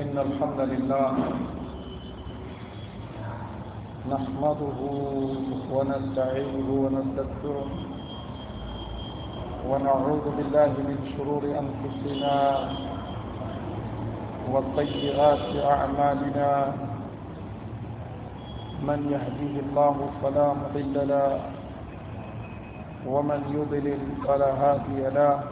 إن الحمد لله نحمده ونستعينه ونستغفره ونعوذ بالله من شرور أنفسنا وطيئات أعمالنا من يهديه الله فلا مضل له ومن يضلل فلا هادي له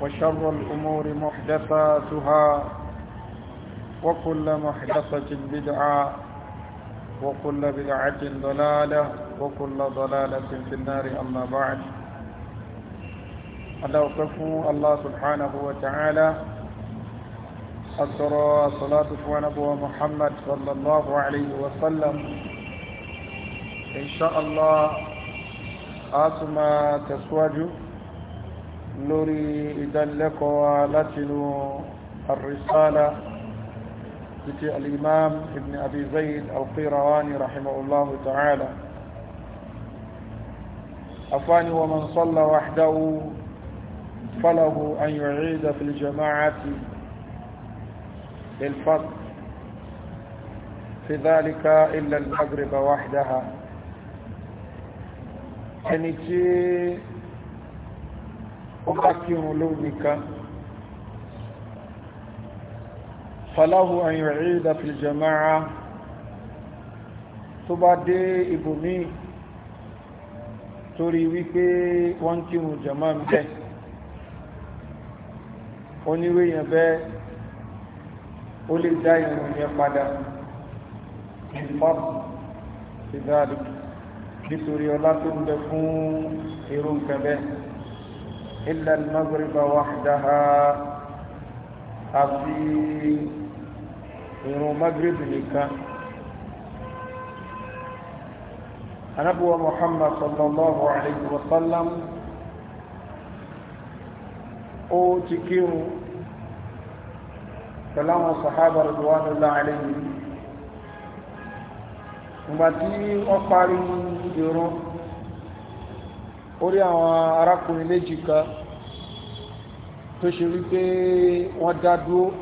وشر الأمور محدثاتها وكل محدثة بدعة وكل بدعة ضلالة وكل ضلالة في النار أما بعد أدعوكم الله سبحانه وتعالى أسرى صلاة ونبوة محمد صلى الله عليه وسلم إن شاء الله أتما تسواجه lórí ìdánilẹ́kọ̀ọ́ látinú الرسالة التي الإمام ابن أبي زيد القيرواني رحمه الله تعالى أفاني ومن صلى وحده فله أن يعيد في الجماعة الفضل في ذلك إلا المغرب وحدها أنتي ó bá kírun lóhun nìkan falahu àyìnrìn ìdàfil jama'a tó bá dé ibòmíì torí wípé wọ́n kírun jama'a ń bẹ́ẹ̀ oníwé yẹn ó lè dá ìrìn yẹn padà ìfọ́pù ìdáàdì nítorí ọlá tó ń bẹ fún èrò nǹkan bẹ́ẹ̀ إلا المغرب وحدها أبي إنه مغرب لك نبوة محمد صلى الله عليه وسلم أو تكيرو كلام الصحابة رضوان الله عليهم وما تي أقارن يرون orí àwọn arákùnrin méjì kan tó ṣe wípé wọ́n dá dúró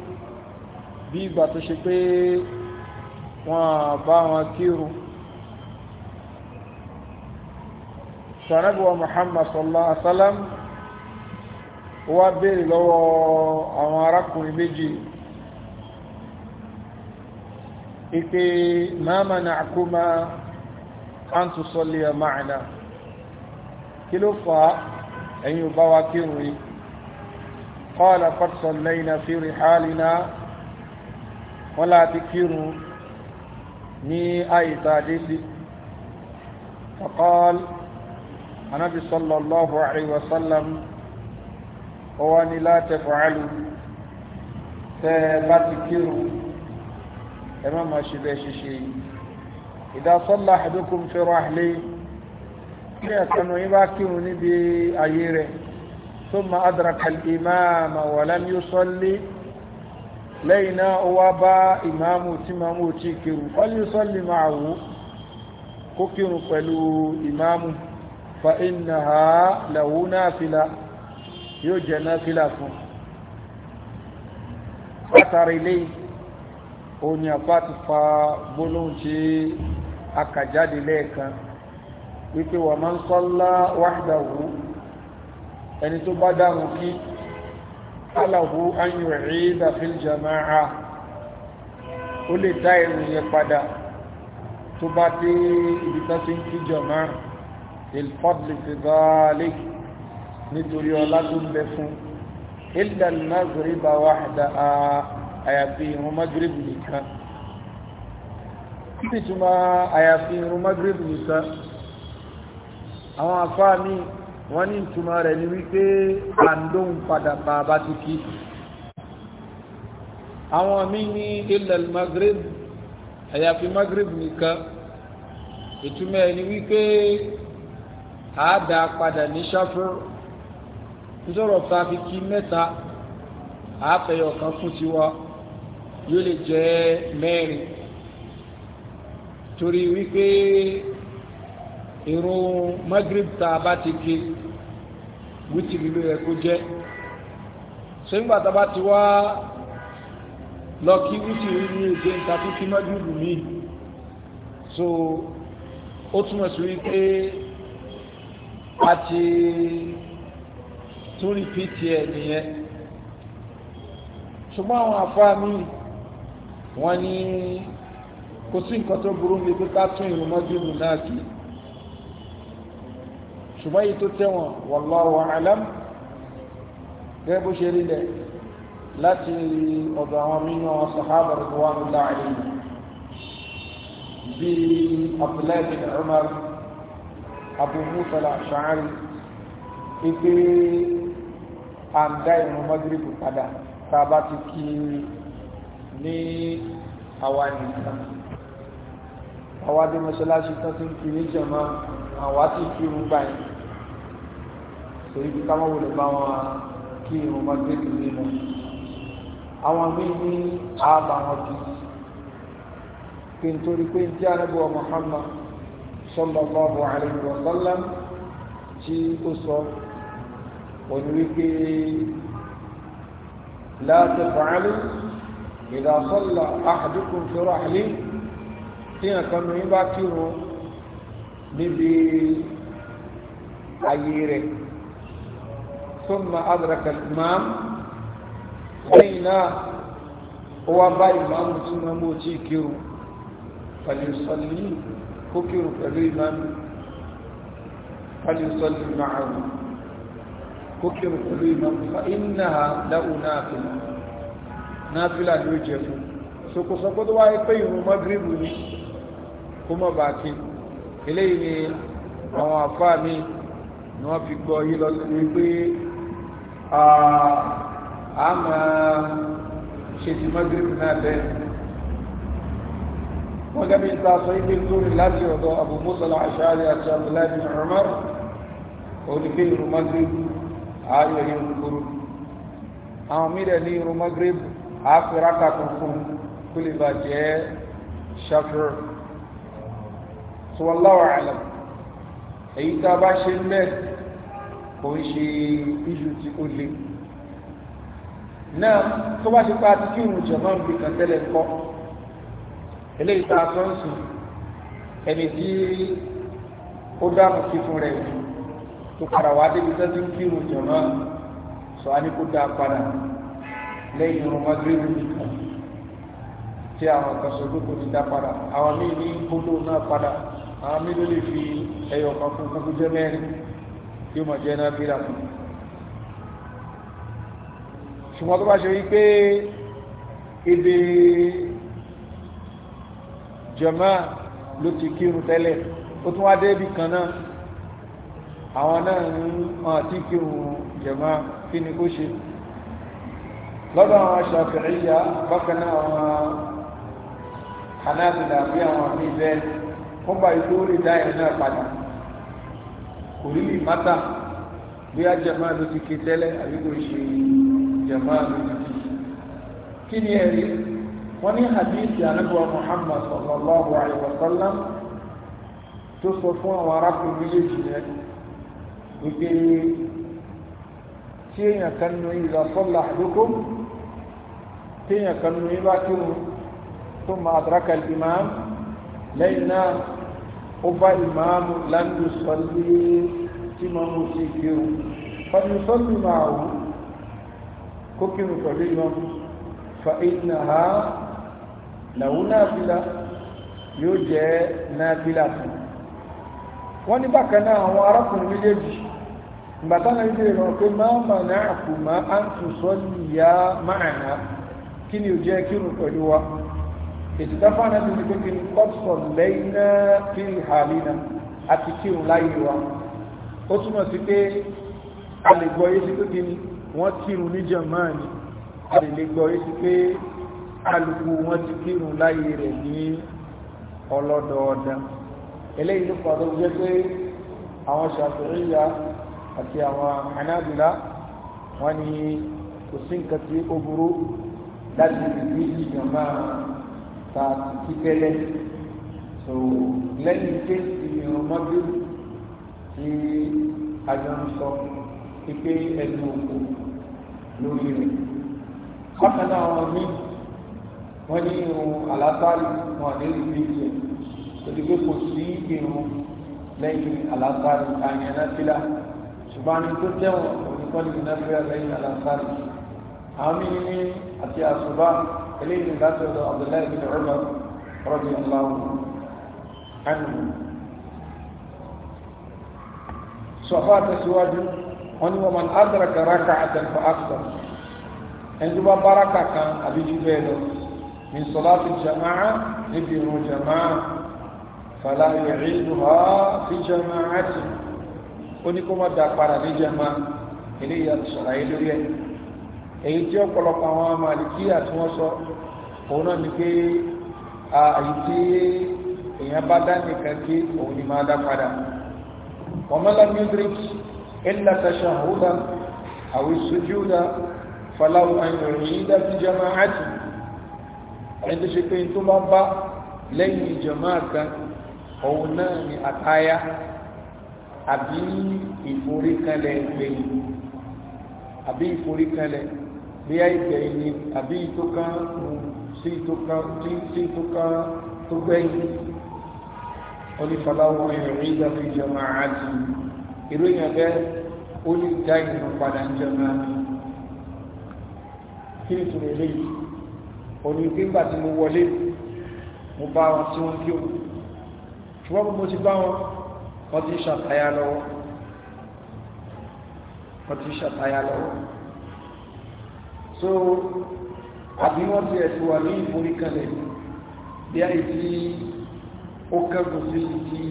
bí ìgbà tó ṣe pé wọ́n bá wọn kírun sanabuwa muhammad sallallahu alaihi wasallam wá béèrè lọ́wọ́ àwọn arákùnrin méjì ìpè ma mana'akuma ma'ana kí ló fà á ẹ̀yin ò bá wa kírun rí qala qad sallayna fi rihalina wọ́n láti kírun ní àìta àdésí faqal anábi sallallahu alaihi wasallam ó wá ní la taf'alu tẹ́ bá ti kírun ẹ má ma ṣe bẹ́ ṣiṣe ìdá salla ahadukum fi tí ẹ̀kanu yín bá kírun níbi ayé rẹ̀ thumma adraka al-imama wa lam yusalli lẹ́yìn náà ó wá bá ìmáàmù tí máàmù tí kírun falyusalli ma'ahu kó kírun pẹ̀lú ìmáàmù fa innaha lahu nafila yóò jẹ́ nafila fún látàrí lẹ́yìn òun ni àpá ti fa gbólóhùn tí a kà jáde lẹ́ẹ̀kan wípé wà máa ń sọ́lá wáhdàwó ẹni tó bá dáhùn kí aláwò ayò ìdá fil jama'a ó lè dá ìrìn yẹn padà tó bá dé ibi tó ti ń kí jama'a ilfadli fi dáálé nítorí ọlá tó ń bẹ fún illa al-maghriba àyàfi ìrun magrib nìkan àwọn àfáà mi wọ́n ní ìtumọ̀ rẹ̀ ni wípé àndóhùn padà bá bá ti kí àwọn mi ní ilẹ̀ Maghrib àyàfi Maghrib nìkan ìtumọ̀ ẹ̀ ni wípé àádá padà ní ṣáfù nítorọ̀ tá kí mẹ́ta àáfẹ̀yọ̀ kan fún tiwa yóò lè jẹ́ mẹ́rin torí wípé. irun magrib tá bá ti ké wítìrì ló yẹ kó jẹ́ sẹ́yìnbà tá a bá ti wá lọ kí wítìrì ní èdè níta tó kí mi so ó túmọ̀ sí wípé a ti tún rí pt ẹ̀ nìyẹn ṣùgbọ́n àwọn mi wọ́n ní kò sí nǹkan tó burú tún ṣùgbọ́n yìí tó tẹ́wọ̀n wallahu a'lam gẹ́gẹ́ bó ṣe rí lẹ̀ láti ọ̀dọ̀ àwọn mímọ́ sahaba ridwanullahi alayhim bíi abdullahi bin umar abu musa al-ash'ari ipe àǹdá ìrun magrebu padà tá ti kí ní àwa nìkan àwa dé mọ́ṣáláṣí ti ń kiri jẹ̀mọ́ àwa ti kírun báyìí torí bí ká má wọlé bá wọn kí irun má gbé kí lé wọn àwọn míì ní ààbà wọn kì í pé nítorí pé tí anábì wa Muhammad sallallahu alayhi wa sallam tí ó sọ òní wípé la taf'alu idha salla ahadukum fi rahlihi tí nǹkan mi bá kírun níbi ayé rẹ̀. ثم أدرك الإمام بين وبا إمام ثم موتي كيرو فليصلي كوكيرو فالإمام فليصلي معه كوكيرو فالإمام فإنها له نافلة نافلة يوجف سوكو سوكو دواي قيم مغرب كما باكي إليه àwọn àfáà mi ni wọ́n fi gbọ́ yí lọ sí wípé a máa ṣe ti magrib náà bẹ́ẹ̀ wọ́n gẹ́gẹ́ bí ta sọ ibi lórí láti ọ̀dọ̀ Abu Musa al-Ash'ari àti Abdullahi bin Umar òní pé irun magrib ààyè irun kúrú àwọn mìíràn ní irun magrib àfìrákà tuntun kó lè bà jẹ́ ṣafir tí wọ́n láwọ̀ àlàm èyí tá a bá ṣe kò ń ṣe iṣu tí ó le náà tó bá ṣe pa àti kí òun jọ̀mọ́ ń bìkan tẹ́lẹ̀ kọ́ eléyìí tá a sọ ń sùn ẹni tí ó dáhùn sí fún rẹ̀ tó padà wá débi tó ti ń kí òun jọ̀mọ́ sọ á ní kó dáa padà lẹ́yìn òun mọ́gírínì nìkan tí àwọn kan sọ pé kò ní dá padà àwọn míì ní kóló náà padà àwọn míì ló lè fi ẹyọ kan fún kókó jẹ́ mẹ́rin yóò mọ̀ jẹ́ náà bíra fún ṣùgbọ́n tó bá ṣe wípé èdè jàmá ló ti kírun tẹ́lẹ̀ ó tún wá débi kan náà àwọn náà ń hàn tí kírun jàmá kí ni kó ṣe lọ́dọ̀ àwọn Ṣàfi'íyà bákan náà àwọn Hanabila bí àwọn àmì bẹ́ẹ̀ wọ́n bá ìlú orí dáìrì náà padà kò rí lè mátà bí a jẹ̀má ló ti ké tẹ́lẹ̀ àbí kò ṣe jẹ̀má ló ti ké kí ni ẹ̀rí wọ́n ní hadith anábọ̀ Muhammad sallallahu alaihi wa sallam tó sọ fún àwọn arákùnrin méjèèjì yẹn wípé tí èèyàn kan nu ìlà sọ́là àdókò tí èèyàn kan nu ìbá kírun tó máa adraka al lẹ́yìn náà ó bá ìmáàmù láńdù sọlé tí máa mú sí kéwù fàyè sọlé máa wù kó kírun pẹ̀lú ìmáàmù fa iná ha làwọn náàfilà yóò jẹ́ náàfilà fún wọ́n ní bákan àwọn arákùnrin méjèèjì ìgbàtà náà ilé pé máa mà náà kù máa ń tún sọ́lì yá máa náà kí ni ò jẹ́ kírun pẹ̀lú wa ètùtàfà náà ti ní pé kí n kọ́sọ̀ lẹ́yìn náà fi hàlì náà àti kírun láyé wa ó túnmọ̀ sí pé a lè gbọ́ yé sí pé kí ni wọ́n kírun ní Jámánì a lè lè gbọ́ yé sí pé alùpù wọ́n ti kírun láyé rẹ̀ ní ọlọ́dọọdá eléyìí ló pàtó jẹ́ pé àwọn Ṣàfi'íyà àti àwọn Hanabila wọ́n ní kò sí nǹkan tí ó burú láti rí ìjọba ta kí tẹ́lẹ̀ so lẹ́yìn kéèsì irun mọ́jú tí àjọ ń sọ pípé ẹnu òkú lórí rẹ̀ bákan náà wọn mí wọ́n ní irun àlátàrí wọn ní ìgbésí ẹ̀ òdìgbé kò sí irun lẹ́yìn àlátàrí àyànnáfílà ṣùgbọ́n ní tó tẹ̀wọ̀n òdìgbọ́n ní ìnáfíà lẹ́yìn àlátàrí àwọn mí ní àti àṣùbá eléyìí ní láti ọ̀dọ̀ Abdullahi bin Umar radiyallahu anhu sọ̀fà tẹ̀síwájú wọn ni wọn adraka rak'atan fa akthar ẹni bá bára kankan àbí jù bẹ́ẹ̀ lọ ní salati jama'a níbi ìrun jama'a fala yu'iduha fi jama'ati ó ní kó má dá padà ní jama'a eléyìí àti sọ̀rọ̀ ayé èyí tí ọ̀pọ̀lọpọ̀ àwọn màlìkíyà tí wọ́n sọ òun náà ni pé àyí tí èèyàn bá dá nìkan kí òun ni máa dá padà wọ́mọ́lá music ilẹ̀ tẹ̀sán húdà àwí sujúdà faláwọ̀ àyìnrìn ìdá ti jẹmọ́ àti ẹni tó ṣe pé tó bá bá lẹ́yìn ìjọmọ́ kan òun náà ni àtáyá àbí ìforíkalẹ̀ gbẹ̀yìn àbí ìforíkalẹ̀ gbẹ̀yìn bí a ìgbẹ̀yìn ni àbí ìtókàn sí ìtókàn tó gbẹ̀yìn onífàbáwọn ìrìn ìdàfí jẹmọ àti ìròyìn abẹ́ ó ní ìdá ìrìn padà jẹmọ kí ni tún eléyìí òní gbígbà tí mo wọlé mo bá wọn tí wọ́n kí o ṣùgbọ́n mo ti bá wọn wọ́n ti ṣàtàyà lọ́wọ́ so àbí wọ́n ti ẹ̀sùn wà ní ìforíkanlẹ̀ bí i tí ó kẹ́gùn sí tí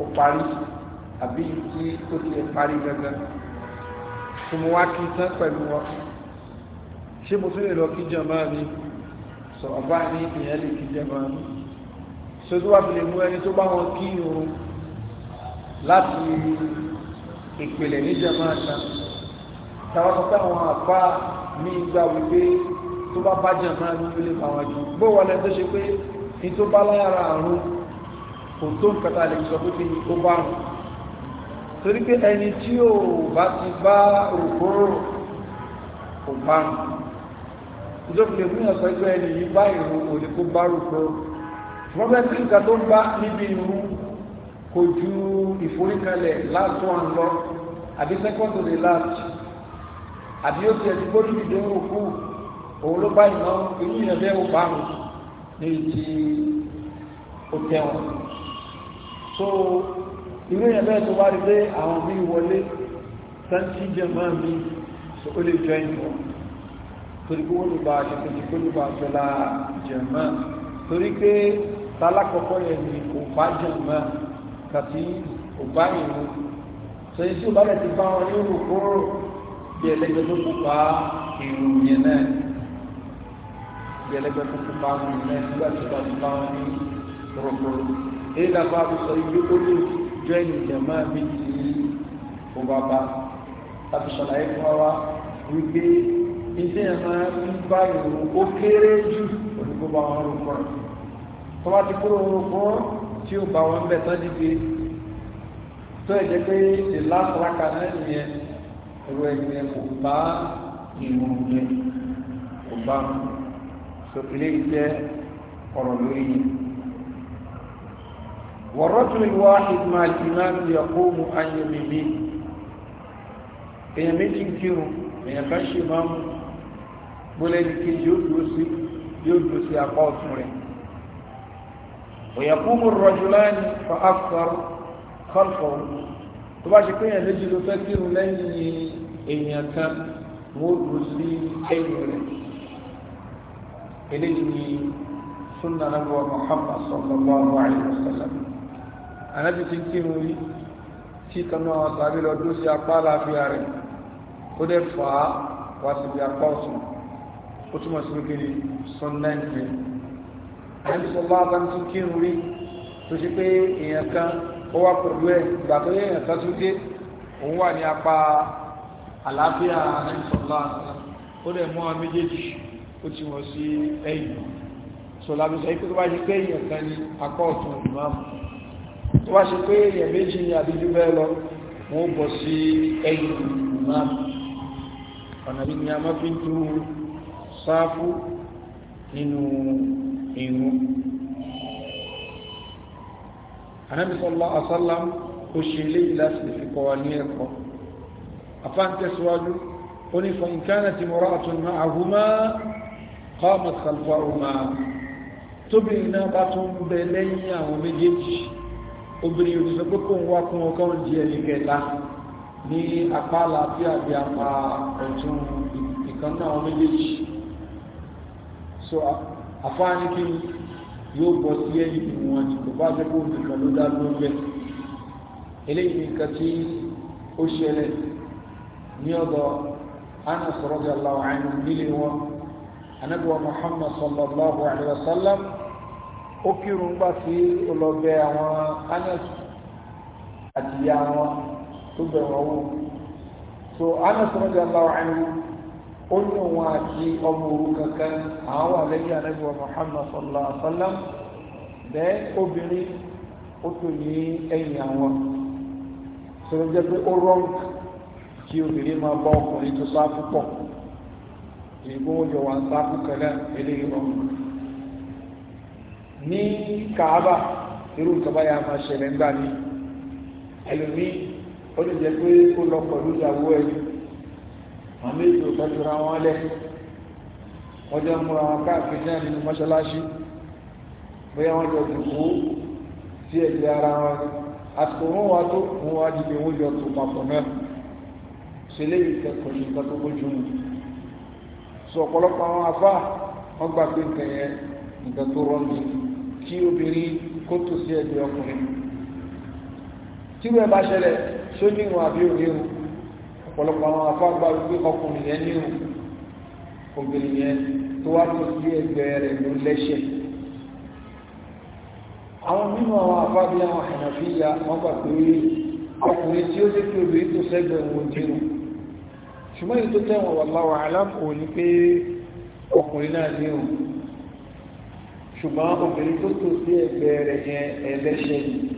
ó parí àbí tí ó ti parí gangan tí mo wá kí tán pẹ̀lú wọn ṣé mo tún lè lọ kí jàmá mi sọ ọba ní ìyẹn lè kí jàmá mi so tó wà fi lè mú ẹni tó bá wọn kí irun láti ìpìlẹ̀ ní jàmá ta táwọn sọ pé àwọn àpá ní ìgbà wípé tó bá bá jẹ́ máa ní ilé àwọn jù bó wà lẹ́ tó ṣe pé ní tó bá lára àrùn kò tó nǹkan tá lè sọ pé kí ni ó bá rùn torí pé ẹni tí ò bá ti bá òkúrò kò bá rùn ìjọba ìgbìyànjú sọ pé ẹni yìí bá ìrùn òní kó bá òkúrò wọ́n bẹ́ẹ̀ tí nǹkan tó ń bá níbi ìrùn kò ju ìforíkalẹ̀ last one lọ àbí second to the àbí ó ti ẹ̀sìn gbórí ìdè ń rògbò òun ló bá ìmọ̀ irú ìyẹn bẹ́ẹ̀ ò bá mi ní ti ó tẹ̀wọ̀n so irú ìyẹn bẹ́ẹ̀ tó bá rí pé àwọn mi wọlé sáńtì jẹ máa mi so ó lè jọ ìmọ̀ torí pé wọ́n lè ba àṣẹ tuntun kó lè ba àṣẹ la jẹ máa torí pé tálákọ̀ọ́kọ́ yẹn ni kò bá jẹ máa kàtí kò bá ìmọ̀ sọ èyí tí ò bá lẹ̀ ti bá wọn ní òkúrò bí ẹlẹ́gbẹ́ tó kópa èrò yẹn náà bí ẹlẹ́gbẹ́ tó kópa èrò yẹn nígbà tí wọ́n ti bá wọn ní rọ̀rọ̀ èyí làbá àbúsọ ibi ó lè jọ ènìyàn máa bí ti ó bá bá láti ṣàlàyé fún wa wípé ilé ẹ̀ máa ń bá ìrò ó kéré jù òdìbò bá wọn rò tó bá ti kúrò rò tí ó bá wọn bẹ̀ tán dìde tó ẹ̀jẹ̀ pé the last raka náà nìyẹn ẹwọ́ ẹni kò bá ìwọ̀n yẹn kò bá so ilé jẹ́ ọ̀rọ̀ lórí yìí wọ̀rọ̀tún ìwọ́ ìgbìmọ̀ àti ìmọ̀ àti ọkọ̀ ohun ayọ̀ mímí èèyàn méjì kírun èèyàn kan ṣe máa mú gbólẹ́ni kejì yóò dúró sí yóò dúró sí apá ọ̀tún rẹ̀ òyàkúmù rọ̀jùláni fa afkar kọlfọ̀ọ́ tó bá ṣe pé èèyàn méjì ló fẹ́ kírun lẹ́yìn èèyàn kan wọ́n dùn sí ẹ̀yìn rẹ̀ eléyìí ni sunna nabu wa muhammad sallallahu alayhi wa sallam anabi ti kírun rí tí kanú àwọn sàbí lọ dúró sí apá àlàáfíà rẹ̀ ó dẹ̀ fà á wá síbi apá ọ̀sùn ó túmọ̀ sí wípé ní sunna nìyẹn anabi sallallahu alayhi wa sallam ti kírun rí tó ṣe pé èèyàn kan ó wá pẹ̀lú ẹ̀ ìgbà tó yẹ ẹ̀ka tó dé òun wà ní apá àlàáfíà àrẹ́sọ̀lá ó dẹ̀ mú àwọn méjèèjì ó ti wọ̀ sí ẹ̀yìn sọ̀làbí sọ pé tó bá ṣe pé èèyàn kan ní apá ọ̀tún ìmáàmù tó bá ṣe pé èèyàn méjì ní àbíjú bẹ́ẹ̀ lọ wọ́n bọ̀ sí ẹ̀yìn ìmáàmù ọ̀nà bí ni a máa fi ń sáfù nínú ìrún anábì sallallahu alaihi wasallam ó ṣe eléyìí láti fi kọ́ wa ní ẹ̀kọ́ afáǹtẹ̀síwájú ó ní fa in kanat imra'atun ma'ahuma qamat khalfahuma tóbìnrin náà bá tún bẹ lẹ́yìn àwọn méjèèjì obìnrin yóò sọ ń wá kún ọkọ di ẹni kẹta ní apá àlàáfíà bí apá ọ̀tún ìkan náà méjèèjì so àfáàní yóò bọ́ sí ẹ̀yìn fún wọn ni kò bá jẹ́ kó nìkan ló dá lórí ẹ̀ eléyìí nìkan tí ó ṣẹlẹ̀ ní ọ̀dọ̀ Anas radiyallahu anhu nílé wọn anábíwá Muhammad sallallahu alayhi wa sallam ó kírun gbà sí ọlọ́bẹ àwọn Anas àti ìyá wọn tó bẹ̀ wọ́n wò so Anas radiyallahu anhu ó ní òun àti ọmọ òru kankan àwọn àlẹ́yìn ànábì wa Muhammad sallallahu alaihi wasallam bẹ́ẹ̀ obìnrin ó tò ní ẹ̀yìn àwọn sọ̀rọ̀ jẹ́ pé ó rọ́ǹk kí obìnrin máa bá ọkùnrin tó sáà púpọ̀ ìgbóhùn òjò wà sáà púpọ̀ eléyìí rọ́ǹk ní Kaaba irú nǹkan báyà máa ṣẹlẹ̀ ńgbà ní ẹlòmí ó lè jẹ́ pé ó lọ pẹ̀lú ìyàwó ẹni àwọn méjì ò fẹ́tura wọn lẹ̀ wọ́n jọ múra wọn káàkiri náà nínú mọ́ṣáláṣí bóyá wọ́n jọ dùkú sí ẹ̀jẹ̀ ara wọn àsìkò wọn wá tó wọn wá dìde wọn jọ tó papọ̀ náà ṣe léyìí kẹkọ̀ọ́ ṣe nǹkan tó bójú mu sọ ọ̀pọ̀lọpọ̀ àwọn afá wọn gbà pé nǹkan yẹn nǹkan tó rọ́ mi kí obìnrin kó tó sí ẹ̀jẹ̀ ọkùnrin tí wọ́n bá ṣẹlẹ̀ ṣó ní àbí òní ìwọ̀n pọ̀lọpọ̀ àwọn afáàgbà wípé ọkùnrin yẹn ní òun obìnrin yẹn tó wá tó sí ẹgbẹ́ rẹ̀ ló lẹ́ṣẹ̀ àwọn mímọ àwọn afáàbí àwọn àyànfíyà wọn gbà pé ọkùnrin tí ó lé kí obìnrin tó sẹ́gbẹ̀ẹ́ wọn jẹun ṣùgbọ́n èyí tó tẹ̀wọ̀n wallahu alam ní pé ọkùnrin náà ní òun ṣùgbọ́n obìnrin tó tó sí ẹgbẹ́ rẹ̀ yẹn ẹlẹ́ṣẹ̀ yìí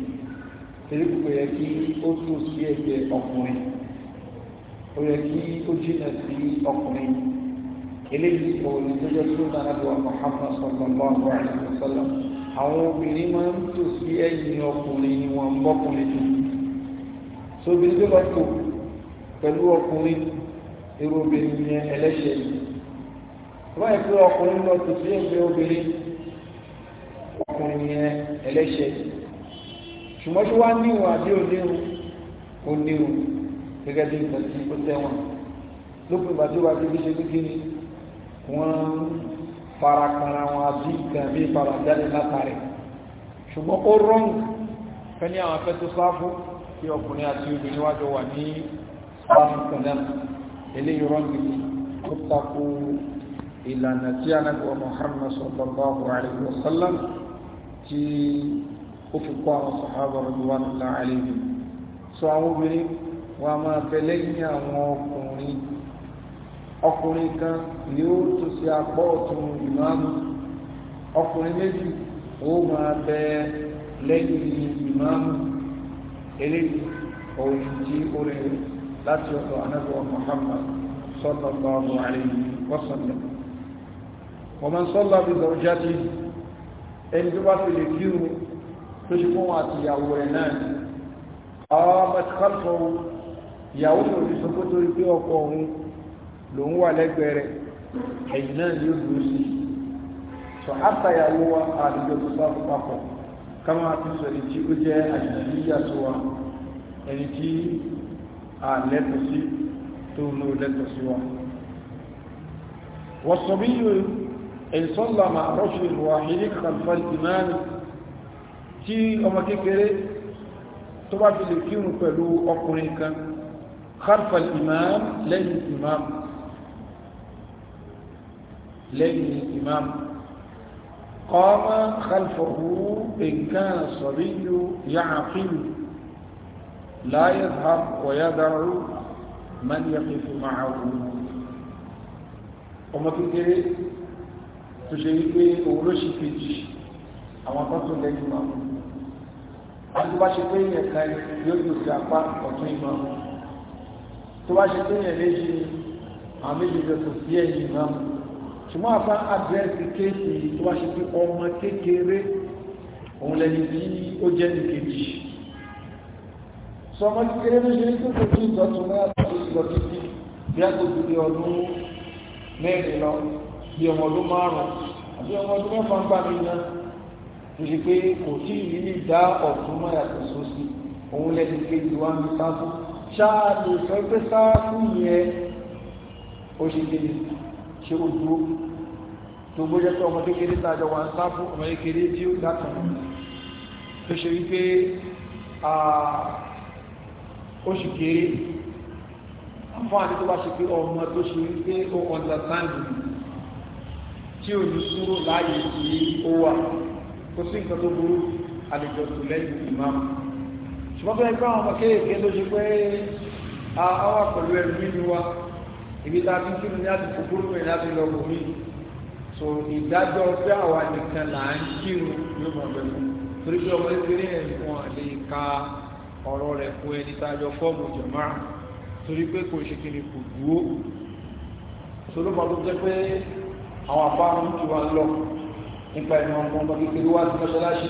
torí kò yẹ kí ó tó sí ẹgbẹ́ ọkùnrin ó yẹ kí ó jìnà sí ọkùnrin eléyìí òun tó jẹ́ súnà àdúrà Muhammad sallallahu alaihi wa sallam àwọn obìnrin máa ń tò sí ẹ̀yìn ọkùnrin ni wọ́n ń bọ́kùnrin tó so obìnrin tó bá tò pẹ̀lú ọkùnrin irú obìnrin yẹn ẹlẹ́ṣẹ̀ yìí wọ́n yẹ pé ọkùnrin lọ tò sí ẹ̀gbẹ́ obìnrin ọkùnrin yẹn ẹlẹ́ṣẹ̀ yìí ṣùgbọ́n tí wọ́n á níwọ̀n àbí òníwọ̀n òníwọ̀n gẹ́gẹ́ bí nǹkan tí ó tẹ́wọ̀n lópin ìgbà tí ó bá ti fi ṣe kékeré wọ́n fara kanra wọn àbí nǹkan bí fara jáde látàrí ṣùgbọ́n ó rọ́ǹ fẹ́ ní àwọn afẹ́tò sáfù kí ọkùnrin àti obìnrin wájọ wà ní sáfù kan eléyìí rọ́ǹ gidi ó takò ìlànà tí anábọ̀ Muhammad sallallahu alayhi wa sallam tí ó fi kọ́ àwọn sàhábà rẹ̀ wà nílá àlejò so àwọn obìnrin wọn a máa bẹ lẹ́yìn àwọn ọkùnrin ọkùnrin kan yóò tún sí apá ọ̀tún ìmáàmù ọkùnrin méjì ó máa bẹ lẹ́yìn ìmáàmù eléyìí òun tí ó rẹ̀ láti ọ̀dọ̀ anábọ̀ Muhammad sallallahu alayhi wa sallam wa man salla bi zawjatihi ẹni tó bá fi lè kírun tó ṣe fún àtìyàwó náà ìyàwó ní òfìsọ kó tó rí pé ọkọ òun lòun wà lẹ́gbẹ̀ẹ́ rẹ̀ ẹ̀yìn náà yóò dúró sí i sọ àtàyàwó wa àdúgbò tó sáfù papọ̀ ká máa fi sọ èyí tí ó jẹ́ àṣìṣe yíyàtọ̀ wa ẹni tí a lẹ́tọ̀ sí tó ló lẹ́tọ̀ sí wa wọ́n sọ bí yóò ẹ̀yìn sọ́lá máa rọ́ṣù ìwà ìdí kàlùfà ìmáàmì tí ọmọ kékeré tó bá fi lè kírun pẹ̀lú ọkùnrin kan kharfa imam lẹ́yìn imam lẹ́yìn imam qama khalfahu nǹkan sọ̀ríyù ya'qilu la yadhhab wa yada'u man yaqifu ma'ahu ọmọ kékeré tó ṣe wípé òun ló ṣe kejì àwọn akọ́tún lẹ́yìn imam àti bá ṣe pé ìyẹ̀ka yóò yóò fi apá ọ̀tún imam tó wá ṣe pé yẹn méjì àwọn méjì lè kò sí ẹ̀yìn náà ṣùgbọ́n àfá àdírẹ́sì kéèsì tó wá ṣe pé ọmọ kékeré òun lẹ́ni tí ó jẹ́ ní kejì sọmọ kékeré ló ṣe ní tó kò tí ìtọ́tún náà tó ti lọ títí bí a kò dìde ọdún mẹ́rin lọ bí ọmọ ọdún márùn-ún àbí ọmọ ọdún mẹ́fà ń bá mi náà tó ṣe pé kò tí ìrírí dá ọ̀tún mọ́ yàtọ̀ sósì òun lẹ́ni kejì wá ń bí sáfún ṣáà lè sọ pé sáàkù yẹn o ṣe kéde ṣe ó dúró tó gbójẹ́ pé ọmọ kékeré tàjọ wà ń sáàkù ọmọ kékeré tí ó dákan tó ṣe wípé ó ṣe kéré àǹfààní tó bá ṣe o ọmọ tó ṣe o ó understand tí ò ní kúrò láàyè tí ó wà kò sí nǹkan tó burú àlejò tó o ìmáàmù ṣùgbọ́n fẹ́ gbọ́ àwọn kéèké tó ṣe pé àwa pẹ̀lú ẹ̀rù nínú wa ibi tá a ti kí ni láti kúkúrú mi láti lọ wò mí so ìdájọ́ pé àwa nìkan là ń kírun yóò mọ̀ bẹ́ẹ̀ torí pé ọmọ ìpínlẹ̀ ẹ̀ wọn lè ka ọ̀rọ̀ rẹ̀ fún ẹni tájọ fọ́ọ̀mù jọ̀mọ́ torí pé kò ṣe kiri kò dúró sọlọ́ bá tó jẹ́ pé àwọn afáàmù ti wá ń lọ nípa ẹ̀nà ọmọ ọmọ kékeré wá sí mọ́ṣáláṣí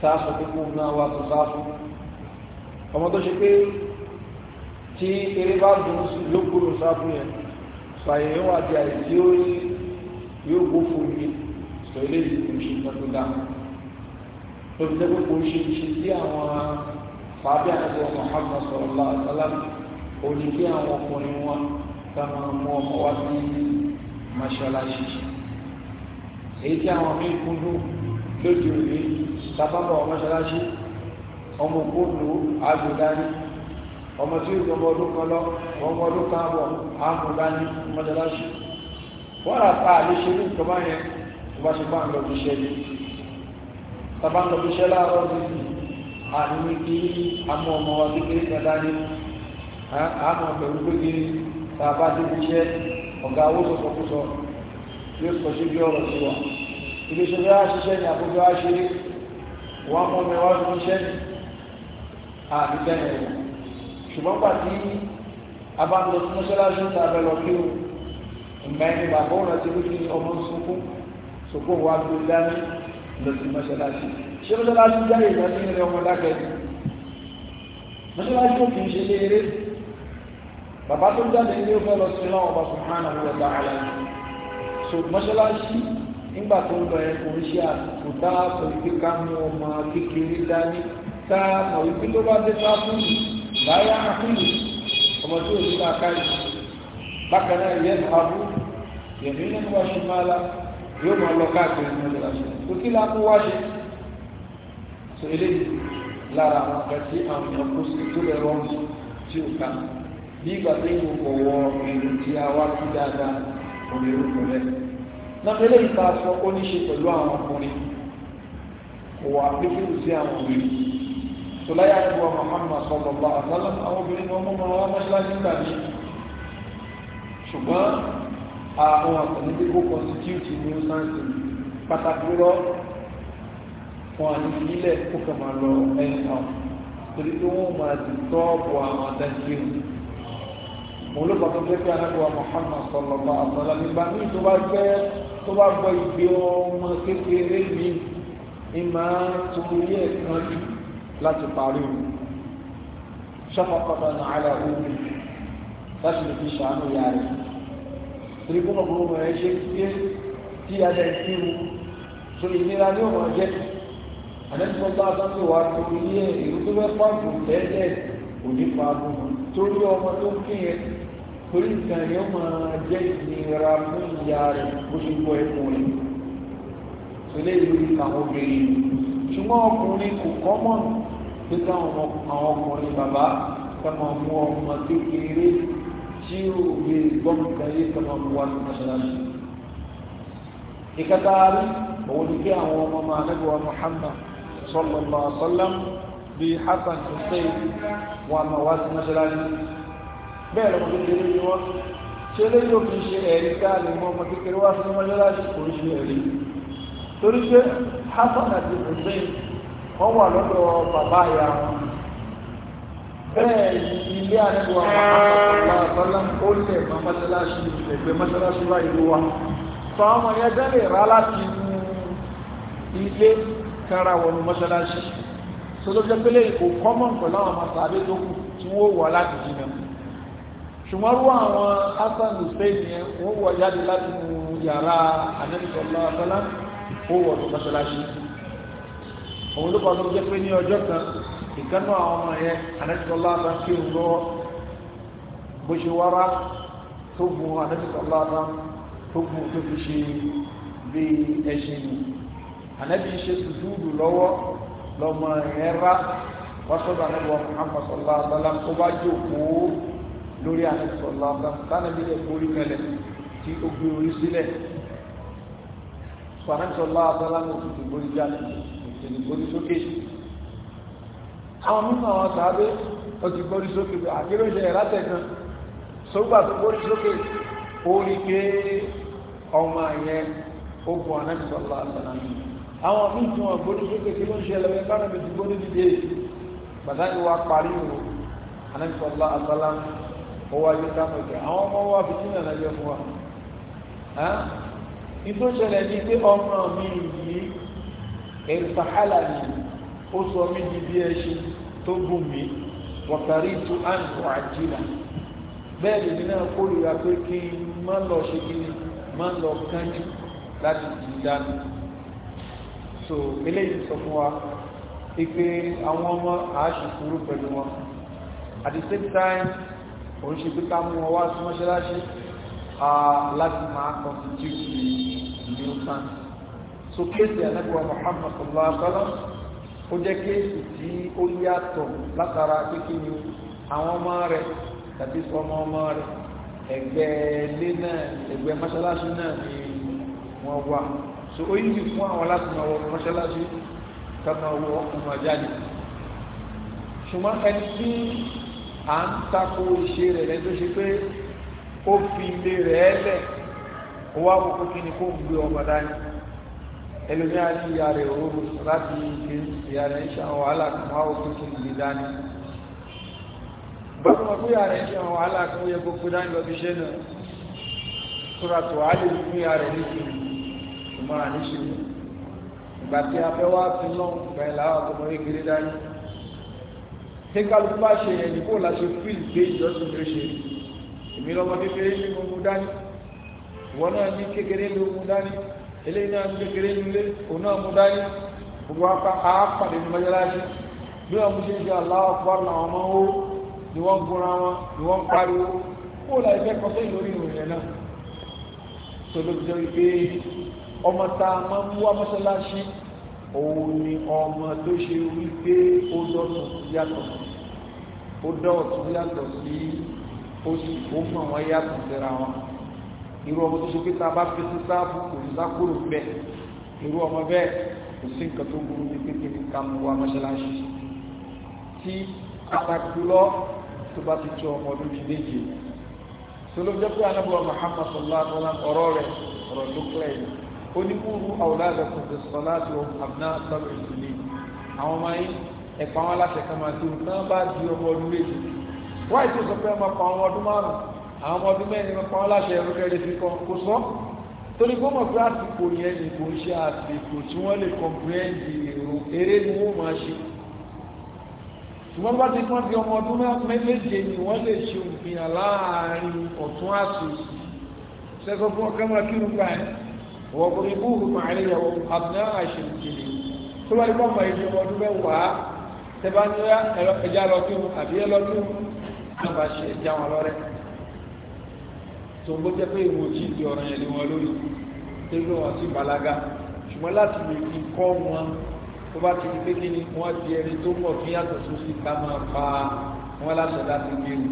sáàsù tó kún náà wá tó sáàsù ọmọ tó ṣe pé tí eré bá dùn sí lókùnrin sáfù yẹn sàyè yóò àti àìsí ó ní yóò gbófò ní sọ eléyìí kò ṣe tọ́tún dá ló fi dẹ́gbẹ́ kò ṣe ṣe sí àwọn fàábí àti ọmọ Muhammad sallallahu alaihi wasallam kò ní kí àwọn ọkùnrin wọn ká máa mú ọmọ wá sí mọ́ṣáláṣí èyí tí àwọn mí kúndùn lójú ìlú sábàbọ̀ mọ́ṣáláṣí ọmọ ògbóòlù àgbòdání ọmọ tí ìlú ọmọ ọdún kan lọ ọmọ ọdún kan bọ̀ àmúdání mọ́dálásì wọ́n rà pa àléṣe ní nǹkan báyẹn tó bá ṣe bá ń lọ bí iṣẹ́ ni tàbá ń lọ bí iṣẹ́ láàárọ̀ nìyí àní kí wọ́n mọ́ mi wá ṣiṣẹ́ àti bẹ́ẹ̀ ṣùgbọ́n pàtí abáńdọ̀ tí mọ́ṣáláṣí ń tàbẹ̀ lọ kí o ìgbà ẹni bàbá òun ti wípé ọmọ ń sunkún sòkó wa tó dání lọ sí mọ́ṣáláṣí ṣé mọ́ṣáláṣí jáde ìgbà sí ilé ọmọ dákẹ́ mọ́ṣáláṣí ò kì í ṣe léere bàbá tó jáde ilé ó fẹ́ lọ sí náà ọba subhanahu wa ta'ala so mọ́ṣáláṣí nígbà tó ń lọ kò ń ṣe àtúntà ta mọ̀ wípé ló bá dé bá fún mi láyá àkúnyè ọmọ tí ò ní bá káyì bákan náà yẹn bá bú yẹ̀mí nínú wa ṣe máa la yóò máa lọ káàkiri ní ọjọ́ láti kò kí la kó wá ṣe so eléyìí lára àwọn kan tí àwọn èèyàn kó sí tó lẹ́rọ ń tí ó ká bí ìgbà tí mo kọ̀ wọ èrò tí a wá kí dáadáa kò lè rúkọ rẹ náà sọ ó ní ṣe pẹ̀lú àwọn ọkùnrin kò wà pé kí o sí àwọn obìnrin sọláyà ní wa Muhammad sọlọ́lá àtàlà àwọn obìnrin wọn mú ma wá mọ́ṣáláṣí gbà ní ṣùgbọ́n àwọn àtàlẹ́dẹ́gbò constitute new science pàtàkì rọ wọn àti ìfilẹ̀ kó kà máa lọ ẹ̀ka torí pé wọ́n máa ti tọ́ọ̀bù àwọn àtàkìrì mo ló bàtọ́ pé pé anábìwá Muhammad sọlọ́lá àtàlà nígbà míì tó bá fẹ́ tó bá gbọ́ ìgbé ọmọ kékeré mi ìmọ̀ àtúnyẹ̀ kan jù láti parí rẹ̀ ṣọ́fọ́kọ́tọ́ náà ara omi láti lè fi ṣàánú ya rẹ̀ torí kó mọ̀ mọ̀ ẹ ṣe pé tí a lè fi mu so ìnira ní ọmọ jẹ́ àdẹ́sọ́ bá sáńtì wà tó ilé ìlú tó fẹ́ pàgò tẹ́lẹ̀ òní pàgò torí ọmọ tó ń kéye torí nǹkan yẹn máa jẹ́ ìnira fún ìyá rẹ̀ bó ṣe gbọ́ ẹ̀kún rẹ̀ so lè rí àwọn obìnrin ṣùgbọ́n ọkùnrin kò kọ́mọ̀nù pé káwọn àwọn ọkùnrin bàbá káwọn mú ọmọ kékeré tí ó lè gbọ́n káyé káwọn mú wá ní mọ́ṣáláṣí. ìkàtà rí òun ni kí àwọn ọmọ máa nẹ́bọ̀ Muhammad sallallahu alaihi wasallam bíi Hasan Hussein wọn máa wá sí mọ́ṣáláṣí. bẹ́ẹ̀ lọ́mọ kékeré ni wọ́n ṣe lẹ́yìn òfin ṣe ẹ̀rí káàlì mọ́ ọmọ kékeré wá sí mọ́ṣáláṣí kò ń ṣe ẹ̀rí torí pé Hasan àti Hussein wọ́n wà lọ́dọ̀ bàbá ìyá wọn bẹ́ẹ̀ ilé àdúgbò àbálá ó lẹ̀ mọ́ mọ́sálásí ẹgbẹ́ mọ́sálásí báyìí ló wà sọ ọmọ yẹn dẹ́lẹ̀ rà láti ilé kára wọnú mọ́sálásí sọlọ́jọ́ pélé ìkó kọ́mọ̀ pẹ̀lú àwọn masàbí tó kù tí wọ́n wọ̀ láti jìnà ṣùgbọ́n rú àwọn Hassan Hussein yẹn wọ́n wọ̀ jáde láti yàrá àdébìsọ̀lá àbálá ó wọ̀ lọ́sálásí òun ló kọ́ tó jẹ́ pé ní ọjọ́ kan ìkánú àwọn ọmọ yẹn anẹ́sọ̀lá bá kí òun lọ́wọ́ bó ṣe wára tó gun anẹ́sọ̀lá bá tó gun tó fi ṣe bí ẹṣin ni anẹ́bí ṣe sùdúùdù lọ́wọ́ lọ́mọ yẹn rá wọ́sọ̀dọ̀ anẹ́bọ̀ àmọ̀sọ̀lá bá kó bá jókòó lórí anẹ́sọ̀lá bá tánàbí lè borí mẹ́lẹ̀ tí ó gbé orí sílẹ̀ sọ̀rọ̀ anẹ́sọ̀lá bá lánàá borí jáde ti gbórí sókè àwọn mímọ̀ àwọn sàábé ó ti gbórí sókè bí àgbérò ìṣẹ́ ìrátẹ̀kan sógbà tó gbórí sókè ó rí pé ọmọ àyẹn ó bu ànẹ́sọ̀lá àtàlà àwọn míì tí wọ́n gbórí sókè kí ló ń ṣẹlẹ̀ ẹ̀ bára mi ti gbórí dìde bàtà ni wàá parí òru ànẹ́sọ̀lá àtàlà ó wá yóò dáhùn ẹ̀rùfàhálà ni ó sọ mí di bí ẹṣin tó gùn mí wọ̀kàrí tu àǹkọ̀ àjìlá bẹ́ẹ̀ lèmi náà kórìíra pé kí n má lọ ṣe kí ni má lọ kánjú láti di dání so eléyìí sọ fún wa ipe àwọn ọmọ àáṣùkúrú pẹ̀lú wọn at the same time òun ṣe pé ká mú wọn wá sí mọ́ṣáláṣí láti máa constitute the new country so kéèsì anábíwá Muhammad sallallahu alaihi wa sallam ó jẹ́ kéèsì tí ó yàtọ̀ látara kékeré àwọn ọmọ rẹ̀ tàbí sọmọ ọmọ rẹ̀ ẹgbẹ́ ilé náà ẹgbẹ́ mọ́ṣáláṣí náà ni wọ́n wà so ó yìí fún àwọn láti máa wọ mọ́ṣáláṣí ká wọ ọmọ jáde ṣùgbọ́n ẹni tí à ń tako ìṣe rẹ̀ lẹ́yìn tó ṣe pé ó fi ilé rẹ̀ lẹ̀ ó wá wọ́pọ̀ kí ni kó ń gbé ọmọ dání ẹlòmí àti ìyá rẹ̀ òru láti ìgbé ìyá rẹ̀ ń ṣàwọn wàhálà kan wá òkú kí n lè dání bọ́n mọ̀ pé ìyá rẹ̀ ń ṣàwọn wàhálà kan ó yẹ gbogbo dání lọ bí iṣẹ́ náà sọ́ra tó á lè fún ìyá rẹ̀ nítorí ṣùgbọ́n àníṣe ìgbà tí a fẹ́ wá sí náà bẹ̀rẹ̀ láwọn tó mọ̀ ékeré dání tí kálukú bá ṣe yẹn nípò láṣẹ fíìl gbé ìjọsìn tó ṣe èmi lọ́mọ kékeré ní mo dání ìwọ náà ní kékeré ló dání eléyìí náà kékeré nílé òun náà mú dání gbogbo apá àápàdé ní mọ́jálásí bí wọ́n mú ṣe ń ṣe Allahu Akbar làwọn ọmọ ó ni wọ́n gúnra wọn ni wọ́n pariwo kó láì fẹ́ kọ́ sẹ́yìn lórí ìròyìn náà tó jẹ́ wípé ọmọ tá a máa ń wá mọ́sálásí òun ni ọmọ tó ṣe wípé ó dọ̀tún yàtọ̀ ó dọ̀tún yàtọ̀ sí ó sì ó mọ̀ wọ́n yàtọ̀ síra wọn irú ọmọ tó ṣe pé ta bá fi sí sáàbù kò ní sákòrò bẹ́ irú ọmọ bẹ́ẹ̀ kò sí nǹkan tó burú ní pípé ní ká mú wa mọ́ṣáláṣí tí pàtàkì lọ tó bá ti tó ọmọ ọdún méje tó ló jẹ́ pé anábọ̀ Muhammad sallallahu alaihi wa sallam ọ̀rọ̀ rẹ̀ ọ̀rọ̀ tó kílẹ̀ yìí ó ní kúrú awladakum bis salati wa abná sábẹ̀ ìsìlẹ̀ àwọn ọmọ yìí ẹ̀pà wọn aláṣẹ kan máa tó náà bá di ọmọ ọdún méje wáyé tó sọ pé ọmọ kan ọdún márùn àwọn ọmọ ọdún mẹ́rin pa wọ́n láṣẹ ẹ̀rọ kẹrẹ sí kan kó sọ torí gbọ́mọ̀ pé àsìkò yẹn ni kò ṣe àsìkò tí wọ́n lè kọ̀m̀pẹ́ndì èrò eré ni wọ́n máa ṣe ṣùgbọ́n bá ti pọ́n bí ọmọ ọdún méje ni wọ́n lè ṣe òfin láàrin ọ̀tún àṣòṣì sẹ́kọ̀ọ́ fún ọkọ̀ máa kírun gbà ẹ̀ wọ́n kò ní búrú máa rí ẹ̀wọ̀n àbúná àṣèkìlì tó bá rí pọ́pọ̀ ìdí ọmọ ọdún mẹ́wàá tẹ́bá ní ẹja lọ kírun àbí ẹlọ́kírun àbàṣe ìjà wọn lọ́rẹ́ tó ń bó jẹ́ pé ìwò tí ìdí ọ̀ràn yẹn ni wọ́n lórí tó lọ́ sí balaga ṣùgbọ́n láti lè fi kọ́ wọn tó bá ti di pé kí ni wọ́n di ẹni tó pọ̀ kí yàtọ̀ tó sì ká máa fa wọn láṣẹ láti gbé wù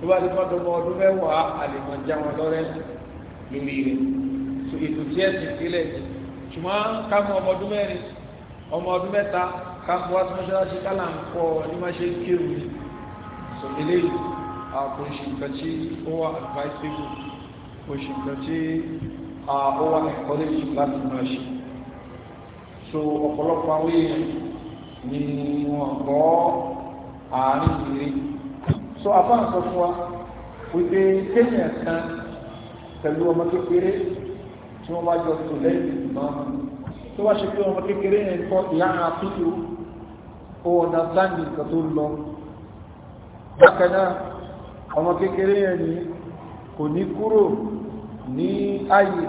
tó bá ti fọ́n tó mọ ọdún mẹ́wàá àlèmọ̀ já wọn lọ́rẹ́ lórí rẹ̀ so ètò tí ẹ̀sìn sílẹ̀ ṣùgbọ́n ká mú ọmọ ọdún mẹ́rin ọmọ ọdún mẹ́ta ká mú wá sí mọ́ṣáláṣí kálà a kò ṣe nǹkan tí ó wà advisable kò ṣe nǹkan tí a ó wà encourage láti so ọ̀pọ̀lọpọ̀ àwọn èèyàn ni wọ́n gbọ́ àárín ìrè so afáàn sọ fún wa wípé kéèyàn kan pẹ̀lú ọmọ kékeré tí wọ́n bá jọ tó lẹ́yìn ìmọ̀ tó wá ṣe pé ọmọ kékeré yẹn kọ́ ìyá àtúntò ó ọ̀nà sáńdì nǹkan tó lọ bákan náà ọmọ kékeré yẹn ni kò ní kúrò ní ààyè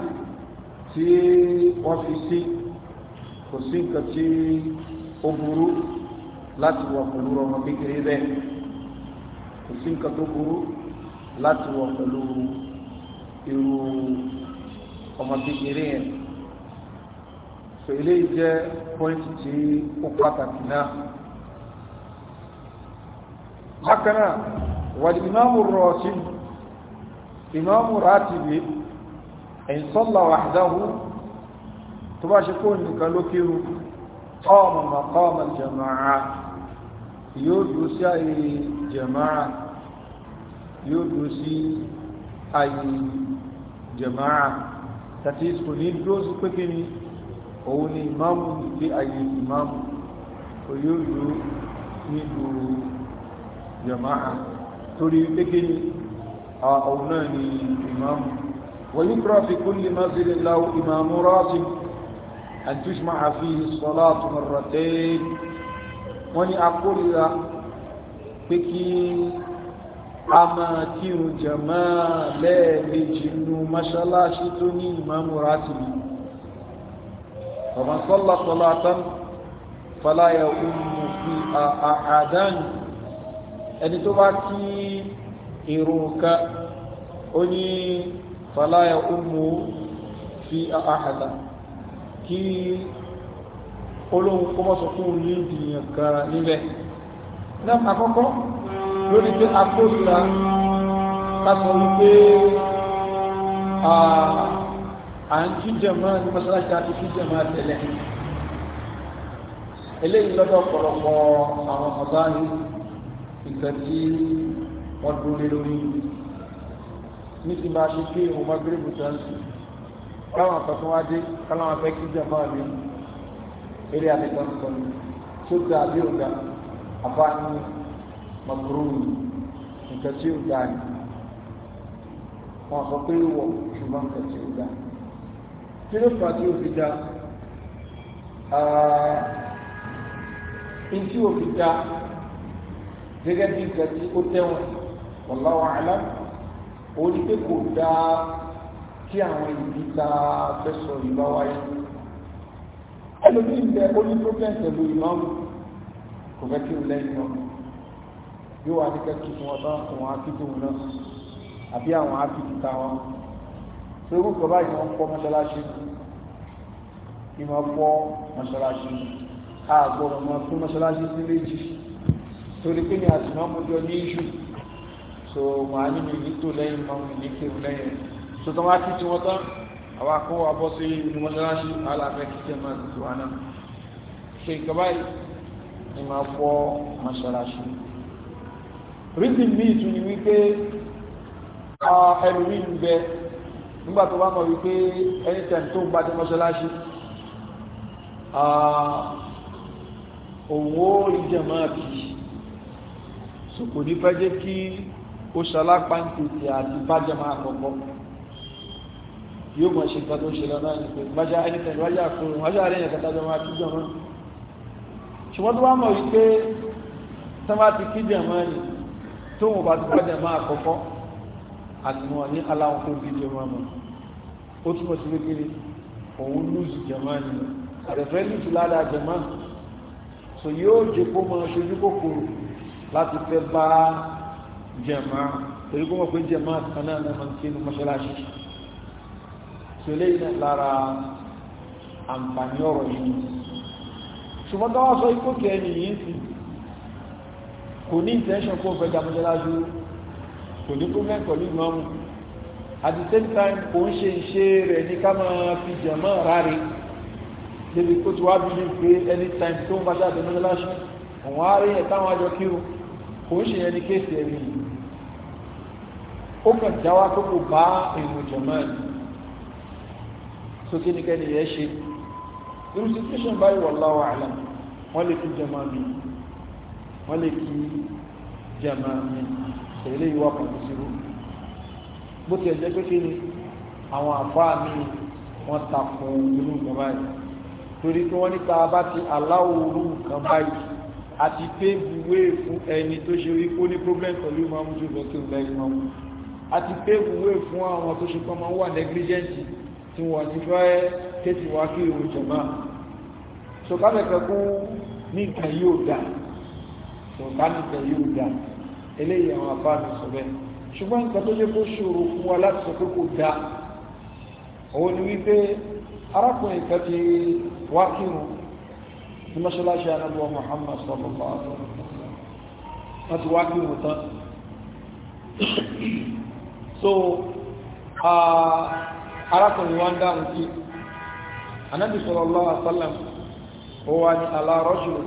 tí wọ́n fi sí kò sí nǹkan tí ó burú láti wà pẹ̀lú ọmọ kékeré bẹ́ẹ̀ kò sí nǹkan tó burú láti wà pẹ̀lú irú ọmọ kékeré yẹn so jẹ́ pọ́ìntì tí ó pàtàkì náà bákan náà والإمام الراتب إمام راتب إن صلى وحده تباشكون كالوكيو قام مقام الجماعة يدرس أي جماعة يدرس أي جماعة تتيس كنين دوس كنين أولي إمام في أي إمام ويدرس جماعة torí pékè ní àwọn náà ni ìmáàmù ويكره في كل مسجد له إمام راتب أن تجمع فيه الصلاة مرتين وني أقول لا بكي أما كير جماع لا بجن ما شاء الله شتني إمام راتب فمن صلى صلاة فلا يؤم فيها أحدا ẹni tó bá kí irun kan ó ní fàlàyà umu fi àhàdà kí olóhun kó mọ́sọ̀ fún un ní ìdìyàn kan níbẹ̀ náà àkọ́kọ́ lórí pé akóríra lásọ wípé à ń kí jẹ̀mọ́ ní mọ́sálásí àti kí jẹ̀mọ́ tẹ̀lẹ̀ eléyìí lọ́dọ̀ ọ̀pọ̀lọpọ̀ àwọn ọ̀dọ́ yìí nǹkan tí wọ́n dúró lórí ní ti máa ṣe pé òun máa gbé bùtánsì káwọn àkọ́kọ́ wá dé káwọn afẹ́ kí jàmbá mi eré àtẹ̀kọ́ nǹkan ni tó ga àbí òga àbá ní mọ̀kúrúwì nǹkan tí ó ga ni wọn sọ pé wọ ṣùgbọ́n nǹkan tí ó ga kí ló fà tí ó fi ga ní tí ó fi ga gẹ́gẹ́ bí nǹkan tí ó tẹ́wọ̀n wallahu a'lam ó ní pé kò dáa kí àwọn ìdí ta fẹ́ sọ ìbá wáyé ẹlòmíì ń bẹ ó ní problem pẹ̀lú ìmáàmù kò fẹ́ kí n lẹ́yìn náà yóò wá ní kẹ́kì fún ọba àwọn akíkù náà àbí àwọn akíkù táwọn tó irú kọ báyìí wọ́n fọ́ mọ́ṣáláṣí ìmọ̀ fọ́ mọ́ṣáláṣí àgbọ̀rọ̀ mọ́ fún mọ́ṣáláṣí sí méjì torí pé ní àtìmọ́ jọ ní iṣu so màá ní mi tó lẹ́yìn mọ́ mi ní kéwù lẹ́yìn so tó wá kí tí wọ́n tán àwọn akó wa bọ́ sí inú mọ́ṣáláṣí aláfẹ́ kí tẹ̀ máa tó wá náà ṣe nǹkan báyìí ni màá fọ́ mọ́ṣáláṣí rídìn míì tún ni wípé ẹlòmíì ń bẹ nígbà tó bá mọ̀ wípé anytime tó ń bá dé mọ́ṣáláṣí òun ó rí so kò ní fẹ́ jẹ́ kí ó ṣalápá ń tètè àti bájẹ́ máa kọ̀kọ́ yóò mọ̀ ṣe nǹkan tó ṣe lọ náà ní pé bájá ẹnìkan ìwájá àkóró wájá àríyàn kẹtàjọ máa kí jọ náà ṣùgbọ́n tó wá mọ̀ wípé tán bá ti kí mọ́ ẹni tó wọn bá ti bájẹ́ máa kọ̀kọ́ àtìmọ̀ ní aláwọn tó bí jẹ máa mọ̀ ó túnmọ̀ sí kékeré òun lùzù jẹ máa nìyẹn àrẹ̀fẹ́ lùzù ládàá jẹ máa so yóò jẹ kó máa ṣojú kòkòrò láti fẹ́ bá jẹ̀má torí kó wọ́n pé jẹ̀má kan náà náà máa ń kí inú mọ́ṣáláṣí ṣẹlẹ̀ iná lára àǹfààní ọ̀rọ̀ yìí ṣùgbọ́n tó wọ́n sọ ikú kẹ́ẹ̀ni yìí sì kò ní intention kó fẹ́ jamọ́jálájú kò ní problem pẹ̀lú ìmọ̀mù at the same time kò ń ṣe iṣẹ́ rẹ̀ ní ká máa fi jẹ̀mọ́ ráre débi kó tí wàá bí ní pé anytime tó ń bá jáde mọ́jálájú òun á rí ẹ̀ táwọn àjọ kírun kò ń ṣe ẹni kéèsì ẹ̀rí yìí ó kàn jáwá tó kò bá èrò jọ̀mọ́ ẹ̀ sókè nìkẹ́ni yẹn ṣe irú situation báyìí wallahu a'lam wọ́n lè fi jẹ̀mọ́ mi wọ́n lè fi jẹ̀mọ́ mi tẹ̀lé ìwà pàtó sírú bó ti ẹ̀jẹ̀ pé ni àwọn àfáà mi wọ́n ta irú nǹkan báyìí torí pé wọ́n ní bá ti aláwo irú báyìí àti pébùwé fún ẹni tó ṣe wípé ó ní problem pẹ̀lú ìmọ̀mù tó lọ sí ìlẹ̀ ìmọ̀mù àti pébùwé fún àwọn tó ṣe pọ́n máa wà negligent tí wọ́n ti fẹ́ tètè wá kí ìrò jọ̀mọ́ so ká bẹ̀rẹ̀ kún ní nǹkan yóò dà so ká nìkan yóò dà eléyìí àwọn afá mi sọ bẹ́ẹ̀ ṣùgbọ́n nǹkan tó ṣe kó ṣòro fún wa láti sọ pé kò dà òun ni wípé arákùnrin kan ti wá kírun ní mọ́ṣáláṣí anábọ̀ Muhammad sallallahu alaihi wasallam wọ́n ti wá kí wọ́n tán so arákùnrin wa ń dáhùn sí anábì sallallahu alaihi wasallam ó wá ní ala rajul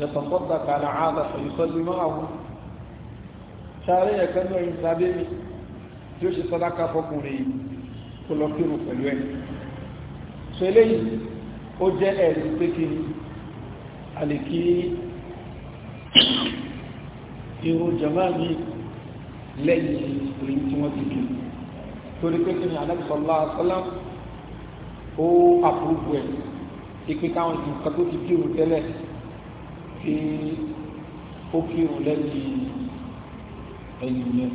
يتصدق على عادة فيصلي معه شارع كانوا ينسابين جوش صدقة فقولي كل خير فلوين سليم ó jẹ́ ẹ̀rí pé kí a lè kí irú jama mi lẹ́yìn rí tí wọ́n ti kí torí pé kí ni alábìsọ̀lá sọ́lám ó àpúrúgbù ẹ̀ ipe káwọn ti nǹkan tó ti kírun tẹ́lẹ̀ tí ó kírun lẹ́yìn ẹ̀yìn yẹn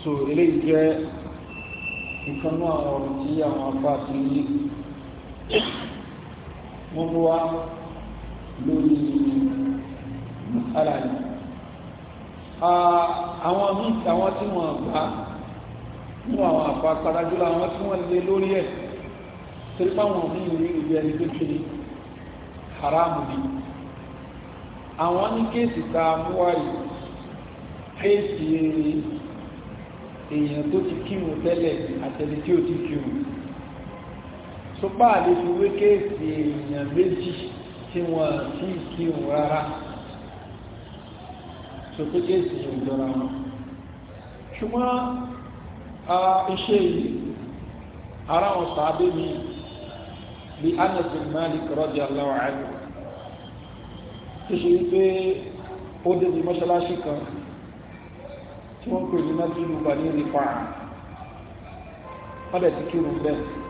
so eléyìí jẹ́ nǹkan náà ọ̀rọ̀ tí àwọn afá ti yí wọ́n mú wa lórí mọ́sálà yìí àwọn míì àwọn tí wọ́n bá mú àwọn àpá padàjúlọ àwọn tí wọ́n lé lórí ẹ̀ torí báwọn míì rí ibi ẹni tó haramu ni àwọn ní kéèsì tá a mú wa yìí kéèsì èèyàn tó ti kírun tẹ́lẹ̀ àtẹni tí ó ti kírun sọpá àlè fi wé kéèsì èèyàn méjì tí wọ́n sì kí òun rárá sọpé kéèsì yóò jọra wọn ṣùgbọ́n iṣẹ́ yìí ara wọn sàábé mi bí Anas bin Malik radiyallahu anhu tó ṣe wípé ó débi mọ́ṣáláṣí kan tí wọ́n pè ní mọ́tò nípa wọ́n ti kírun bẹ́ẹ̀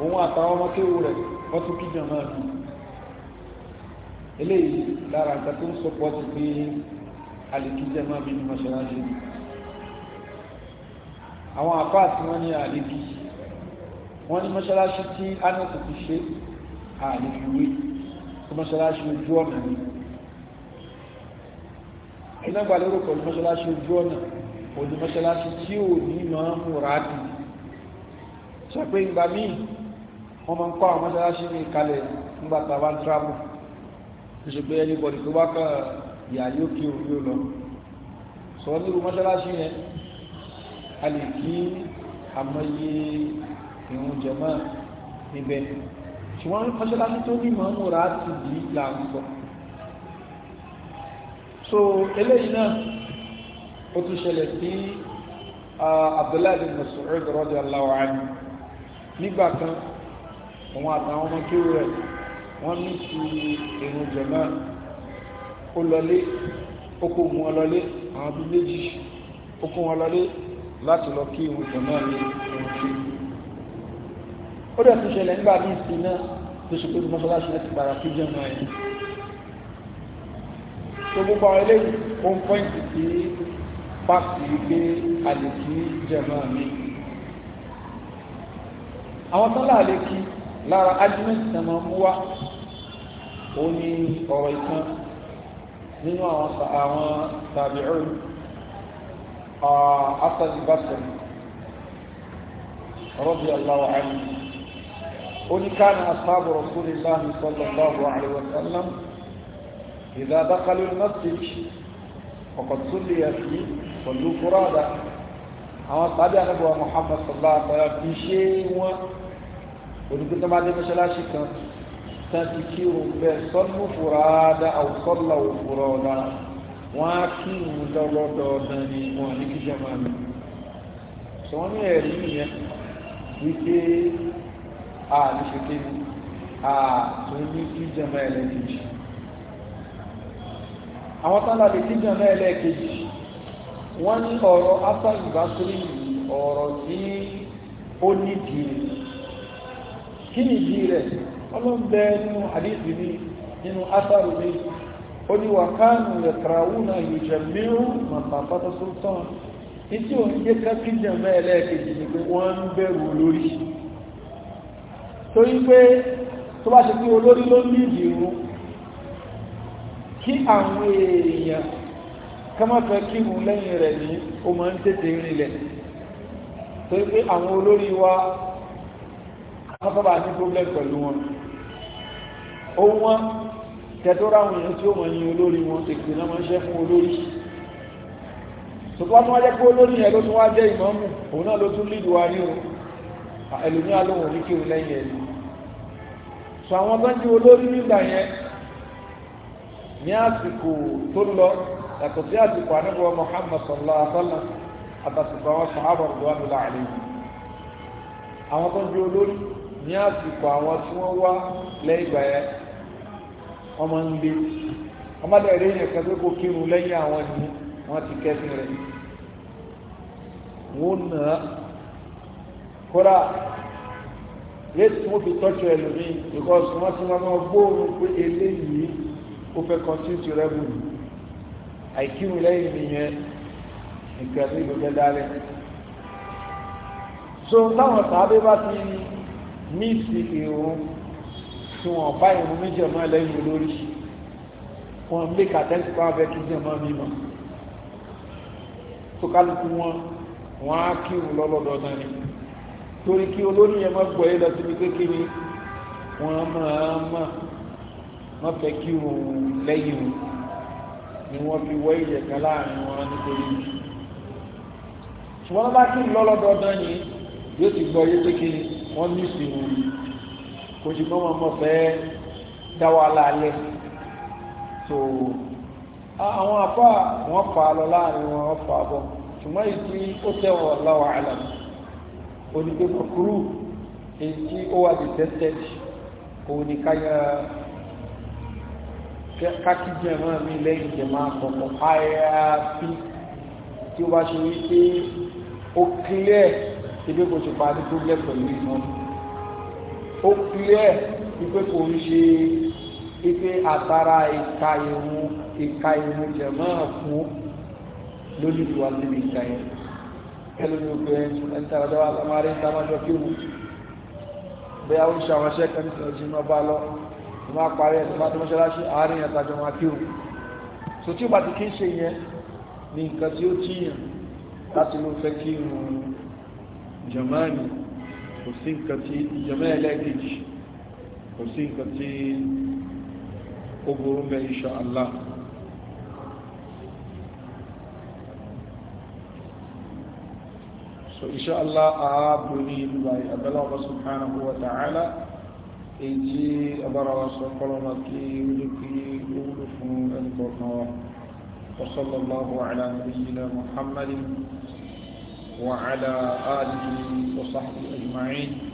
òun àtàwọn ọmọ kéwò rẹ̀ wọ́n tún kí jàmá bí eléyìí lára nǹkan tó ń sọpọ́ ti pé àlèkí jàmá bí ní mọ́ṣáláṣí àwọn àfáà tí wọ́n ní àlèkí wọ́n ní mọ́ṣáláṣí tí anẹ́sì ti ṣe àlèkíwé tó mọ́ṣáláṣí ojú ọ̀nà ni iná gbàlérò pẹ̀lú mọ́ṣáláṣí ojú ọ̀nà òní mọ́ṣáláṣí tí ò ní máa ń múra dì sọ pé ìgbà míì wọ́n máa ń kọ́ àwọn mọ́sálásí ní ìkalẹ̀ nígbà tá a bá ń tíráàbù ṣe pé ẹni bọ̀dì tó bá kàn yà yóò kí òun yóò lọ sọ nírú mọ́sálásí yẹn a lè kí àmọye ìrun jẹ̀mọ́ níbẹ̀ ṣùgbọ́n mọ́sálásí tó ní mọ̀ọ́mùrà ti di là so eléyìí náà ó tún ṣẹlẹ̀ sí ah, Abdullahi bin Mas'ud radiyallahu anhu nígbà kan òun àtàwọn ọmọ kí rẹ̀ wọ́n ní ti èrùn jẹ̀mọ́ ó lọlé ó kó wọn lọlé àwọn bí méjì ó kó wọn lọlé láti lọ kí èrùn jẹ̀mọ́ ní èrùn kí ó dẹ̀ tún ṣẹlẹ̀ nígbà ní ìsìn náà tó ṣe pé mọ́ṣáláṣí náà ti padà sí jẹ̀mọ́ ẹ̀ tó gbogbo àwọn eléyìí ó ń pọ́ìntì sí pàtì wípé a lè kí jẹ̀mọ́ àwọn tó láà lè kí lára argument náà máa mú wá ó ní ọ̀rọ̀ ìkan nínú àwọn àwọn tabi'un asadi basiri radiyallahu anhu ó ní kana ashabu rasulillahi sallallahu alaihi wa sallam idha dakhalu al-masjid وقد صلي فيه صلوا فرادا àwọn tàbí àrẹ́bọ̀ Muhammad sallallahu alaihi wa olùgbé tó bá dé mọ́ṣáláṣí kan tán ti kí òun bẹ sọ́nù fúradà àwùsọ́là òfúrọ̀ọ́dà wọ́n á kí òun lọ́lọ́dọọdún ni wọ́n ní kí jẹ́ máa mi sọ wọ́n ní ẹ̀rí nìyẹn wípé a ní ṣe kéde a tó ní kí jẹ́ máa ẹlẹ́kejì àwọn tánà lè kí jẹ́ máa ẹlẹ́kejì wọ́n ní ọ̀rọ̀ after ìbásírí ọ̀rọ̀ tí ó nídìí kí ni ìdí rẹ̀ ọlọ́mbẹ nínú àdíjì ní nínú átàrù ní ó ní wàkánù yẹ̀kàràwùnà yìjẹ̀mírù màpàpátá sultan tí ò ń jẹ́ kápíjẹ̀ mẹ́ẹ̀lẹ́ẹ̀kejì ni pé wọ́n ń bẹ̀rù olórí torí pé tó bá ṣe pé olórí ló ní ìdìrú kí àwọn wa wọ́n sábà ní problem pẹ̀lú wọn ohun wọn tẹ́tọ́rọ àwọn èèyàn tí ó mọ̀ ní olórí wọn tètè náà máa ń ṣẹ́ fún olórí ṣùgbọ́n wọ́n jẹ́ pé olórí yẹn ló tún wá jẹ́ ìmọ̀mù òun náà ló tún lead wa ní o ẹlòmí alóhùn ní kí o lẹ́yìn ẹ̀lú sọ àwọn tó ń di olórí ní àsìkò àwọn tí wọ́n wá lẹ́yìn ìgbà yẹn wọ́n máa ń lé ọmọdé rẹ̀ yẹn kan tó kó kírun lẹ́yìn àwọn ni wọ́n ti kẹ́sìn rẹ̀ wọ́n nà á kóra yéésì wọ́n fi tọ́jú ẹlòmíì because wọ́n ti máa máa gbóòórùn pé eléyìí ó fẹ́ constitute rebel àìkírun lẹ́yìn nìyẹn nǹkan tó ìlú fẹ́ dálẹ̀ so táwọn sàábé bá ti míìsì ìrún tí wọ́n bá ìrún méjì ọmọ ẹlẹ́yìn olórí wọ́n lè kàtẹ́sì pa abẹ́ kí jẹ́ máa mímọ̀ tó kálukú wọn wọ́n á kí ìrún lọ́lọ́dọ̀ náà ni torí kí olórí yẹn máa gbọ́ yé lọ síbi kékeré wọ́n máa mọ̀ wọ́n fẹ́ kí ìrún lẹ́yìn òun ni wọ́n fi wọ́ ìyẹ̀ kan láàrin wọn nítorí ṣùgbọ́n bá kí ìrún lọ́lọ́dọ̀ náà ni yóò ti gbọ́ yé kékeré wọ́n ní ìsìnkú kò sí pé wọ́n fẹ́ dá wa lálẹ́ so àwọn àfà wọ́n fà lọ láàrin wọn wọ́n fà bọ̀ ṣùgbọ́n ìtí ó tẹ̀wọ̀ láwà àlàm onígbé kúrú èyí tí ó wà detested òun ni káyà kákí jẹ̀mọ́ mi lẹ́yìn jẹ̀mọ́ àkọ́kọ́ àyàfi tí ó bá ṣe wípé ó clear ṣebí kò ṣe parí tó lẹ́ pẹ̀lú ìmọ̀ ó kílẹ̀ wípé kò ń ṣe wípé àtàrà ìka ìrun ìka ìrun jẹ̀mọ́ fún lórí ìwà níbi ìka yẹn ẹlòmí òkú ẹ̀ ń tàrà dáwà lámàrí ń tàmájọ kí òun bẹ́ẹ̀ ó ń ṣe àwọn iṣẹ́ kan nítorí ọjọ́ iná bá lọ ìmọ̀ àparí ẹ̀ tó bá tó mọ́ṣáláṣí àárín àtàjọ wọn kí òun so tí ó bá ti kí ń ṣe yẹn ní nǹkan tí ó tíyàn láti ló fẹ́ kí òun jamani kò sí nǹkan tí jama ẹlẹ́kejì insha Allah so insha Allah ààbò ní ìlú báyìí abẹ́lọ́wọ́ subhanahu wa ta'ala èyí tí ọbára wa sọ kọlọ́mà kí wúlò kí ó wúlò wa wa sallallahu ala nabiyyina muhammadin وعلى آله وصحبه أجمعين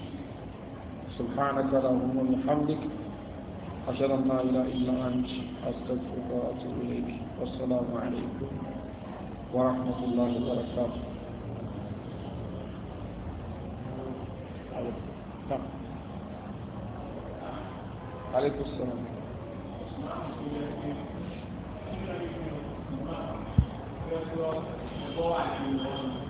سبحانك اللهم وبحمدك أشهد أن لا إله إلا أنت أستغفرك وأتوب إليك والسلام عليكم ورحمة الله وبركاته عليكم السلام Thank you.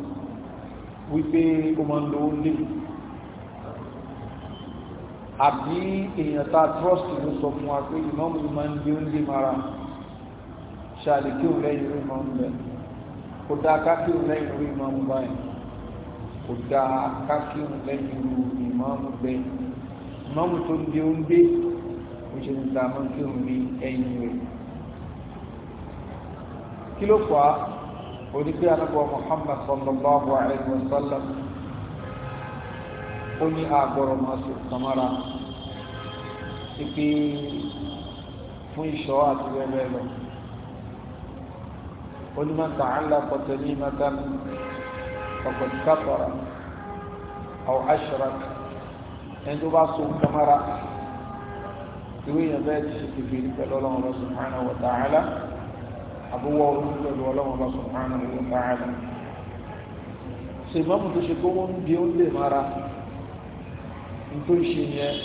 wípé ó máa ń lo lè àbí èèyàn ta trust ló sọ fún wa pé ìmọ̀mù máa ń gbé oúnjẹ mara ṣàlè kí òun lẹ́yìn orí máa ń bẹ kò dáa ká kí òun lẹ́yìn orí máa ń báyìí kò dáa ká kí òun lẹ́yìn orí máa ń bẹ ìmọ̀mù tó ń gbé oúnjẹ ó ṣe ń ta máa ń kí òun ní ẹ̀yìn rẹ̀ kí ló fà á onígbé anábọ̀ Muhammad sallallahu alayhi wa sallam ó ní àgbọ̀rọ̀ máa sọ samara ipe fún ìṣọ́ àti bẹ́ẹ̀ lọ ó ní máa tààlà pọ̀tẹ́lì mẹ́tàn ọ̀pọ̀tì kátọ̀rà àwọn aṣọra ẹni tó bá sọ samara ìwé yẹn bẹ́ẹ̀ ti ṣe kìfìrí pẹ̀lú ọlọ́run subhanahu wa ta'ala àbúwọ́ ọdún pẹ̀lú ọlọ́run bá subhanahu wa ta'ala ṣe mọ́mù tó ṣe kó wọ́n ń bí ó lè mara tó ń ṣe yẹn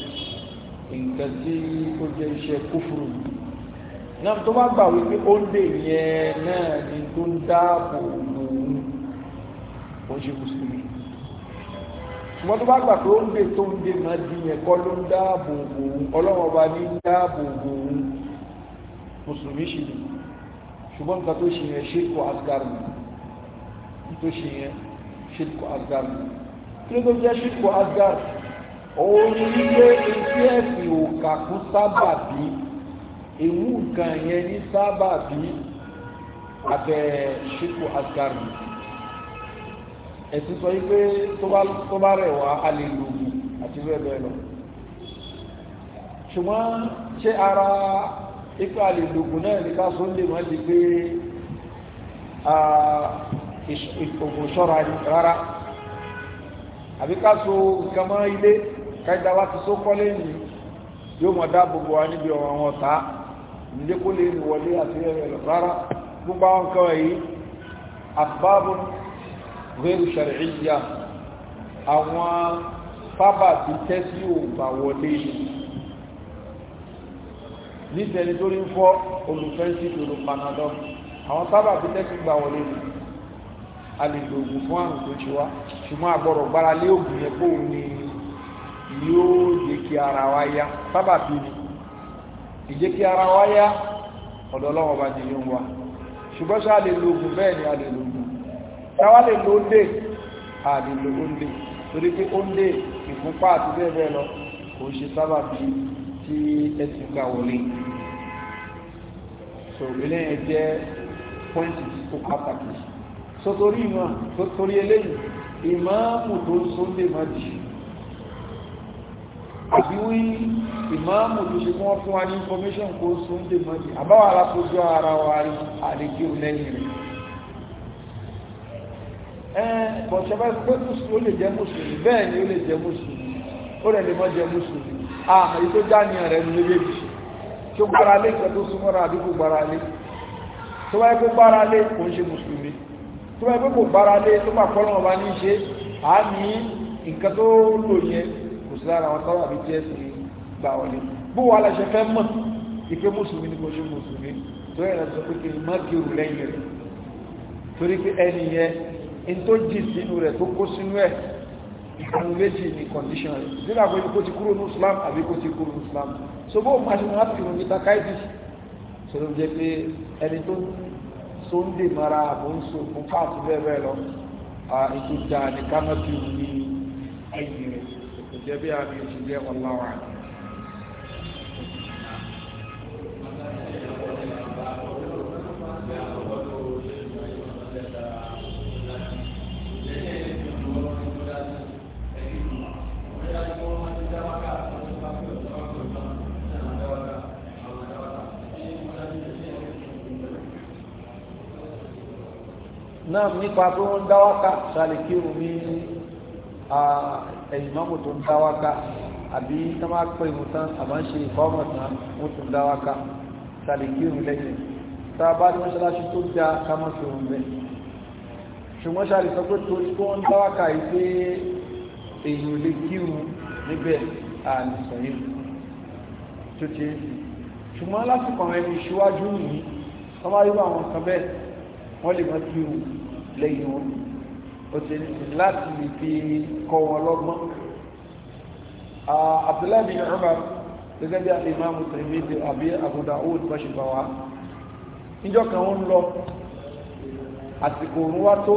nǹkan tí ó jẹ́ iṣẹ́ kúfùrù náà tó bá gbà wípé ó ń dè yẹn náà ni tó ń dáàbò lòun ó ṣe mùsùlùmí ṣùgbọ́n tó bá gbà pé ó ń dè tó ń dè máa di yẹn kọ́ ló ń dáàbò òun ọlọ́run ọba ní dáàbò òun mùsùlùmí ṣì ni ṣùgbọ́n nǹkan tó ṣe yẹn ṣírkù asgar ni tó ṣe yẹn ṣírkù asgar ni kí ló tó jẹ́ ṣírkù asgar òun ni wípé etí ẹ̀sìn òkà kún sábà bí ewu nǹkan yẹn ní sábà bí abẹ́ ṣírkù asgar ni ẹ̀sìn sọ wípé tó bá rẹ̀ wá a lè lògùn àti bẹ́ẹ̀ bẹ́ẹ̀ lọ ṣùgbọ́n ṣé ara ipa àlèdògùn náà ní ká sóńdè má di pé ògùn ṣọ́ra rárá àbí ká so nǹkan mọ́ ilé kájà wá ti só kọ́lé nì yóò mọ̀ dá gbogbo wa níbi ọ̀rọ̀ àwọn ọ̀tá nílé kó lè wọlé àti ẹ̀rọ rárá gbogbo àwọn nǹkan yìí àbábò rẹ́rù ṣàrẹ̀ ìyá àwọn fábà ti tẹ́ sí ògbà wọlé yìí níṣẹ́ nítorí ń fọ́ olùfẹ́ǹsì lòlù panadol àwọn sábà bí tẹ́kì gbà wọlé ni a lè lo oògùn fún àrùn tó ṣe wá ṣùgbọ́n àgbọ̀rọ̀ gbára lé oògùn yẹn kó ní yóò jẹ́ kí ara wa yá sábà bí ni ìjẹ́ kí ara wa yá ọ̀dọ̀ ọlọ́wọ́ bá ti yóò wá ṣùgbọ́n ṣá lè lo oògùn bẹ́ẹ̀ ni a lè lo oògùn táwa lè lo óńdè a lè lo óńdè torí pé óńdè ìfúnpá àti bẹ́ẹ̀ bẹ́ẹ̀ lọ kò ṣe sábà bí ni tí ẹ̀sìn gbà wọlé so eléyìí jẹ́ pọ́ìntì tí kò pàtàkì so torí ìmọ̀ tó torí eléyìí ìmáàmù tó sóńdè má jì àbí wí ìmáàmù tó ṣe wọ́n fún wa ní information kó sóńdè má jì àbáwá alákòójú ara wa rí àlejò lẹ́yìn rẹ̀ bọ̀ṣẹ́bá pé ó lè jẹ́ mùsùlùmí bẹ́ẹ̀ ni ó lè jẹ́ mùsùlùmí ó lè lè má jẹ́ mùsùlùmí àmà ah, èyí tó jáníyàn rẹ̀ nílé méjì tí ó gbára lé ìkẹ́ tó súnmọ́ra àbí kò gbára lé tó wáyé kó gbára lé kò ń ṣe mùsùlùmí tó wáyé kó gbára lé tó máa kọ́ lọ́wọ́ bá ní ṣe à ní nǹkan tó lò yẹn kò sí lára àwọn sábà bí jẹ́ sí gbà wọlé bó wà láṣẹ fẹ́ mọ̀ ìpé mùsùlùmí ni kò ṣe mùsùlùmí tó yẹ lọ sọ pé kí n má kí òun lẹ́yìn rẹ̀ torí pé ẹni yẹn in tó jì sínú rẹ̀ tó kó sínú ẹ̀ ìkànnì méjì ní condition rẹ̀ nígbà pé kó ti kúrò ní Islam àbí kó ti kúrò ní Islam so bó máa ṣe máa fi ìròyìn níta káìdì sọ̀rọ̀ jẹ́ pé ẹni tó ń so ń dè mara àbò ń so fún káàtì bẹ́ẹ̀ bẹ́ẹ̀ lọ ètò ìjà ní kámẹ́tì ní ẹ̀yìn rẹ̀ kò jẹ́ bí àmì ìṣẹ̀lẹ̀ ọ̀làwà ni. náà nípa pé wọ́n ń dáwáká ṣàlìkí omi ẹ̀yìn mọ́mù tó ń dáwáká àbí tó máa pè mú tán àbá ń ṣe ìfọ́mọ̀ tán wọ́n tún dáwáká ṣàlìkí omi lẹ́yìn tá a bá ní mọ́ṣáláṣí tó dá kámọ́ sí omi bẹ́ẹ̀ ṣùgbọ́n ṣàlì sọ pé torí pé wọ́n ń dáwáká yìí pé èyí ò lè kírun níbẹ̀ àlùsọ̀ yìí tó ti ń sìn ṣùgbọ́n lásìkò àwọn ẹni ìṣíwájú yìí wọ́n máa yíwọ́ àwọn kan bẹ́ẹ̀ wọ́n lè mọ́ kírun lẹ́yìn wọn ó ti ní láti lè fi kọ́ wọn lọ́gbọ́n abdullahi bin umar gẹ́gẹ́ bí alimami tẹ̀mídì àbí abu dawud báṣibáwa níjọ́ kan ń lọ àsìkò òun wá tó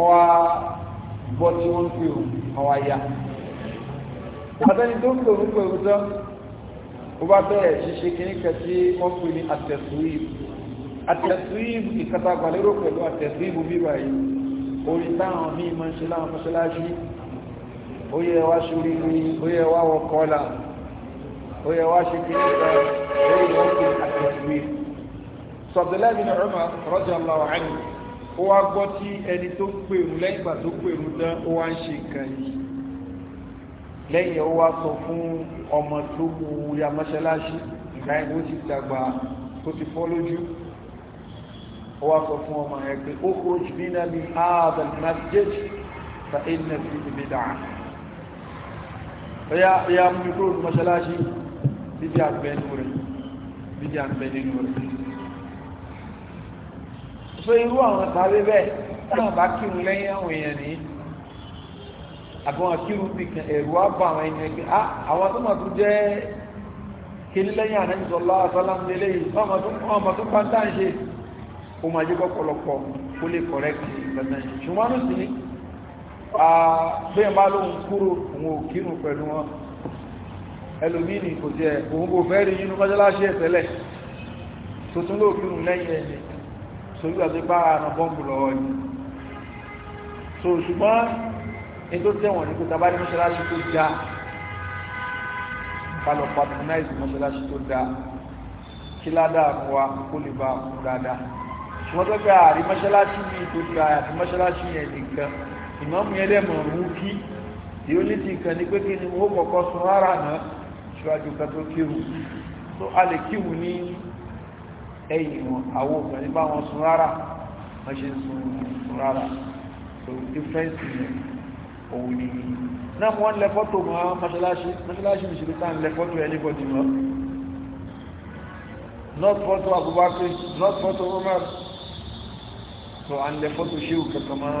ọwá gbọ́ tí wọ́n ń pè ó ọwá ya àtẹni tó ń pè ó pè ó tán ó bá bẹ̀rẹ̀ ṣíṣe kìnnìkan tí wọ́n pè ní àtẹ̀sùn yìí àtẹ̀síìbù ìkàtàgbà lérò pẹ̀lú àtẹ̀síìbù bíbà yìí orí táwọn míì máa ń ṣe láwọn mọ́ṣáláṣí ó yẹ wá ṣorí ní ó yẹ wá wọ kọ́là ó yẹ wá ṣe kí nípa lórí wọn kí àtẹ̀síìbù sọ̀tẹ̀lẹ́bì ní ọ̀rọ̀mà radiyallahu anhu ó wá gbọ́ tí ẹni tó pèrú lẹ́yìn ìgbà tó pèrú tán ó wá ń ṣe nǹkan yìí lẹ́yìn ó wá sọ fún ọmọ tó wù ya mọ́ṣáláṣí ìgbà wá sọ fún ọmọ yẹn pé ó kó jìbínà ní ààbẹ̀ masjid fa iná fi ibi dà ya mú kúrò ní mọ́ṣáláṣí bíbí àgbẹ̀ nínú rẹ̀ bíbí àgbẹ̀ nínú rẹ̀ so irú àwọn tàbí bẹ́ẹ̀ náà bá kírun lẹ́yìn àwọn èèyàn ní àbọ̀n kírun bí kan ẹ̀rù á bá àwọn ènìyàn pé ah, àwọn tó máa tún jẹ́ kí lẹ́yìn àdájọ́ lọ́wọ́ sọ́lá ń délé pàǹtà ń ṣe ó máa jẹ́ kọ́pọ̀lọpọ̀ ó lè kọ̀rẹ́kì lọ́nà yìí ṣùgbọ́n ní sí bẹ́ẹ̀ bá lóhun kúrò òun ò kírun pẹ̀lú wọn ẹlòmíìnì kò jẹ́ òun kò fẹ́ rí inú mọ́ṣáláṣí ẹ̀tẹ́lẹ̀ tó tún lóò kírun lẹ́yìn ẹ̀yìn sórí àti bá àrùn bọ́ǹbù lọ́wọ́ yìí so ṣùgbọ́n ní tó tẹ̀wọ̀n ní kò tàbá ní mọ́ṣáláṣí tó já kalọ̀ patronize mọ́ṣáláṣí tó kí ládàá wa kó lè bá dáadáa wọ́n tó gba àrí mọ́ṣáláṣí ní ìtòkì àti mọ́ṣáláṣí yẹn nìkan ìmọ̀mù yẹn lẹ́mọ̀ mú kí tí ó ní ti nǹkan ní pé kí ni wọ́n kọ́kọ́ sun rárá náà ṣíwájú kan tó kíhù tó a lè kíhù ní ẹ̀yìn wọn àwọn obìnrin bá wọn sun rárá wọ́n ṣe sun rárá so difference yẹn anybody mọ́ not photo Abubakar not photo Umar so à ń lẹ fọ́tò ṣéwù kankan mọ́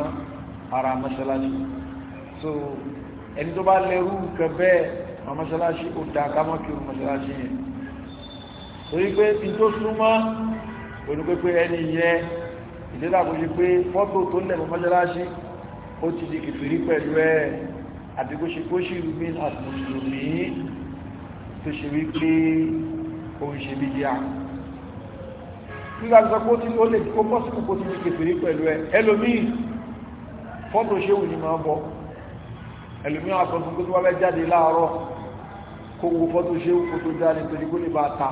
ara mọ́ṣáláṣí so ẹni tó bá lẹ́rú nǹkan bẹ́ẹ̀ àwọn mọ́ṣáláṣí ó da kámọ́ kí mọ́ṣáláṣí yẹn torí pé n tó súnmọ́ olùpẹ́pẹ́ ẹni yẹn ìdílé àkójọ pé fọ́tò tó lẹ̀ mọ́ mọ́ṣáláṣí ó ti di kìfìrí pẹ̀lú ẹ̀ àti kó ṣe kó ṣì rú mi àti mùsùlùmí tó ṣe wípé òun nígbà tó kó tí ó lè kó pọ́sìkò kó ti di kèfèrí pẹ̀lú ẹ ẹlòmíì fọ́tò ṣéwù ni máa bọ́ ẹlòmíì àtọ́ fún kótó wábẹ́ jáde láàárọ̀ kó wo fọ́tò ṣéwù kó tó jáde torí kó lè bá ta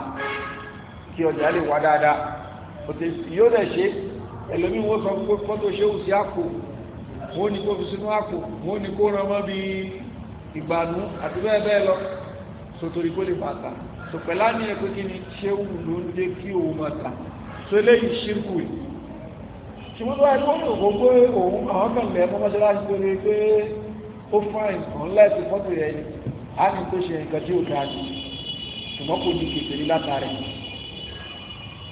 kí ọjà lè wá dáadáa yóò dẹ̀ ṣe ẹlòmíì wọ́n sọ pé fọ́tò ṣéwù sí àpò wọ́n ní kó fi sínú àpò wọ́n ní kó rán mọ́ bí ìgbànú àti bẹ́ẹ̀ bẹ́ẹ̀ lọ sotori kó lè bá ta sọ̀pẹ̀lá ní tó eléyìí ṣírkù yìí ṣùgbọ́n tó wáyé wọ́n ní òkú pé òun àwọn kan lẹ̀ mọ́ mọ́ṣáláṣí tó rí pé ó fáìn kan láti fọ́tò yẹ yìí á ní tó ṣe nǹkan tí ó ga jù ṣùgbọ́n kò ní kèfè ní látàrí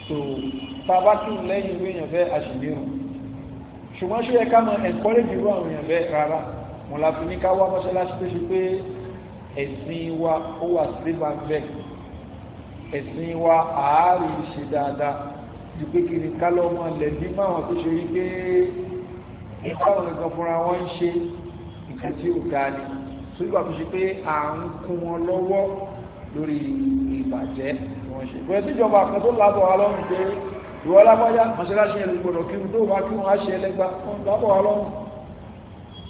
so bàbá tún lẹ́yìn ìwé èèyàn fẹ́ àṣìlérò ṣùgbọ́n ṣó yẹ ká mọ encourage irú àwọn èèyàn fẹ́ rárá wọn la ní ká wá mọ́ṣáláṣí tó ṣe pé ẹ̀sìn wa ó wà sí bá ń bẹ̀ ẹ̀sìn wa àárín ṣe dáadáa ju pé kiri kálọ́ ọmọ lẹ̀bí máwọn tó ṣe rí pé ìpáwọn nǹkan fúnra wọn ń ṣe nǹkan tí ò dáa ni tó yíwà tó ṣe pé à ń kún wọn lọ́wọ́ lórí ìbàjẹ́ tí wọ́n ṣe. ìwé tíjọba kan tó lábọ̀ wa lọ́rùn pé ìwọ lágbájá mọ̀ṣáláṣí ẹ̀rù gbọ́dọ̀ kí wọn tó wá kí wọn á ṣe ẹlẹ́gbà wọn lábọ̀ wa lọ́rùn.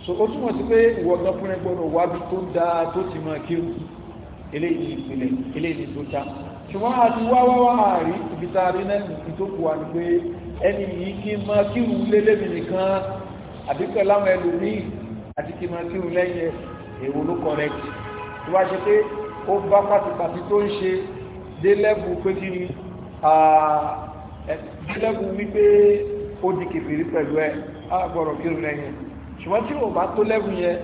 so ó túmọ̀ sí pé ìwọ ọ̀gá gbọ́dọ̀ wábi tó dáa tó ti máa kí wọn eléyìí ìpìlẹ̀ eléyìí tó dáa ṣùgbọ́n a ti wá wáwá àárí ibi tá a rí náà nìkan tó kù wà ní pé ẹni yìí kí n máa kírun lélẹ́mì nìkan àbí pẹ̀lú àwọn ẹlòmíì àti kí n máa kírun lẹ́yìn èwo ló correct tó bá ṣe pé ó bá pàtìpàtì tó ń ṣe dé lẹ́bù pé kí ni dé lẹ́bù wípé ó di kèfèrí pẹ̀lú ẹ á gbọ́dọ̀ kírun lẹ́yìn ṣùgbọ́n tí ò bá tó lẹ́bù yẹn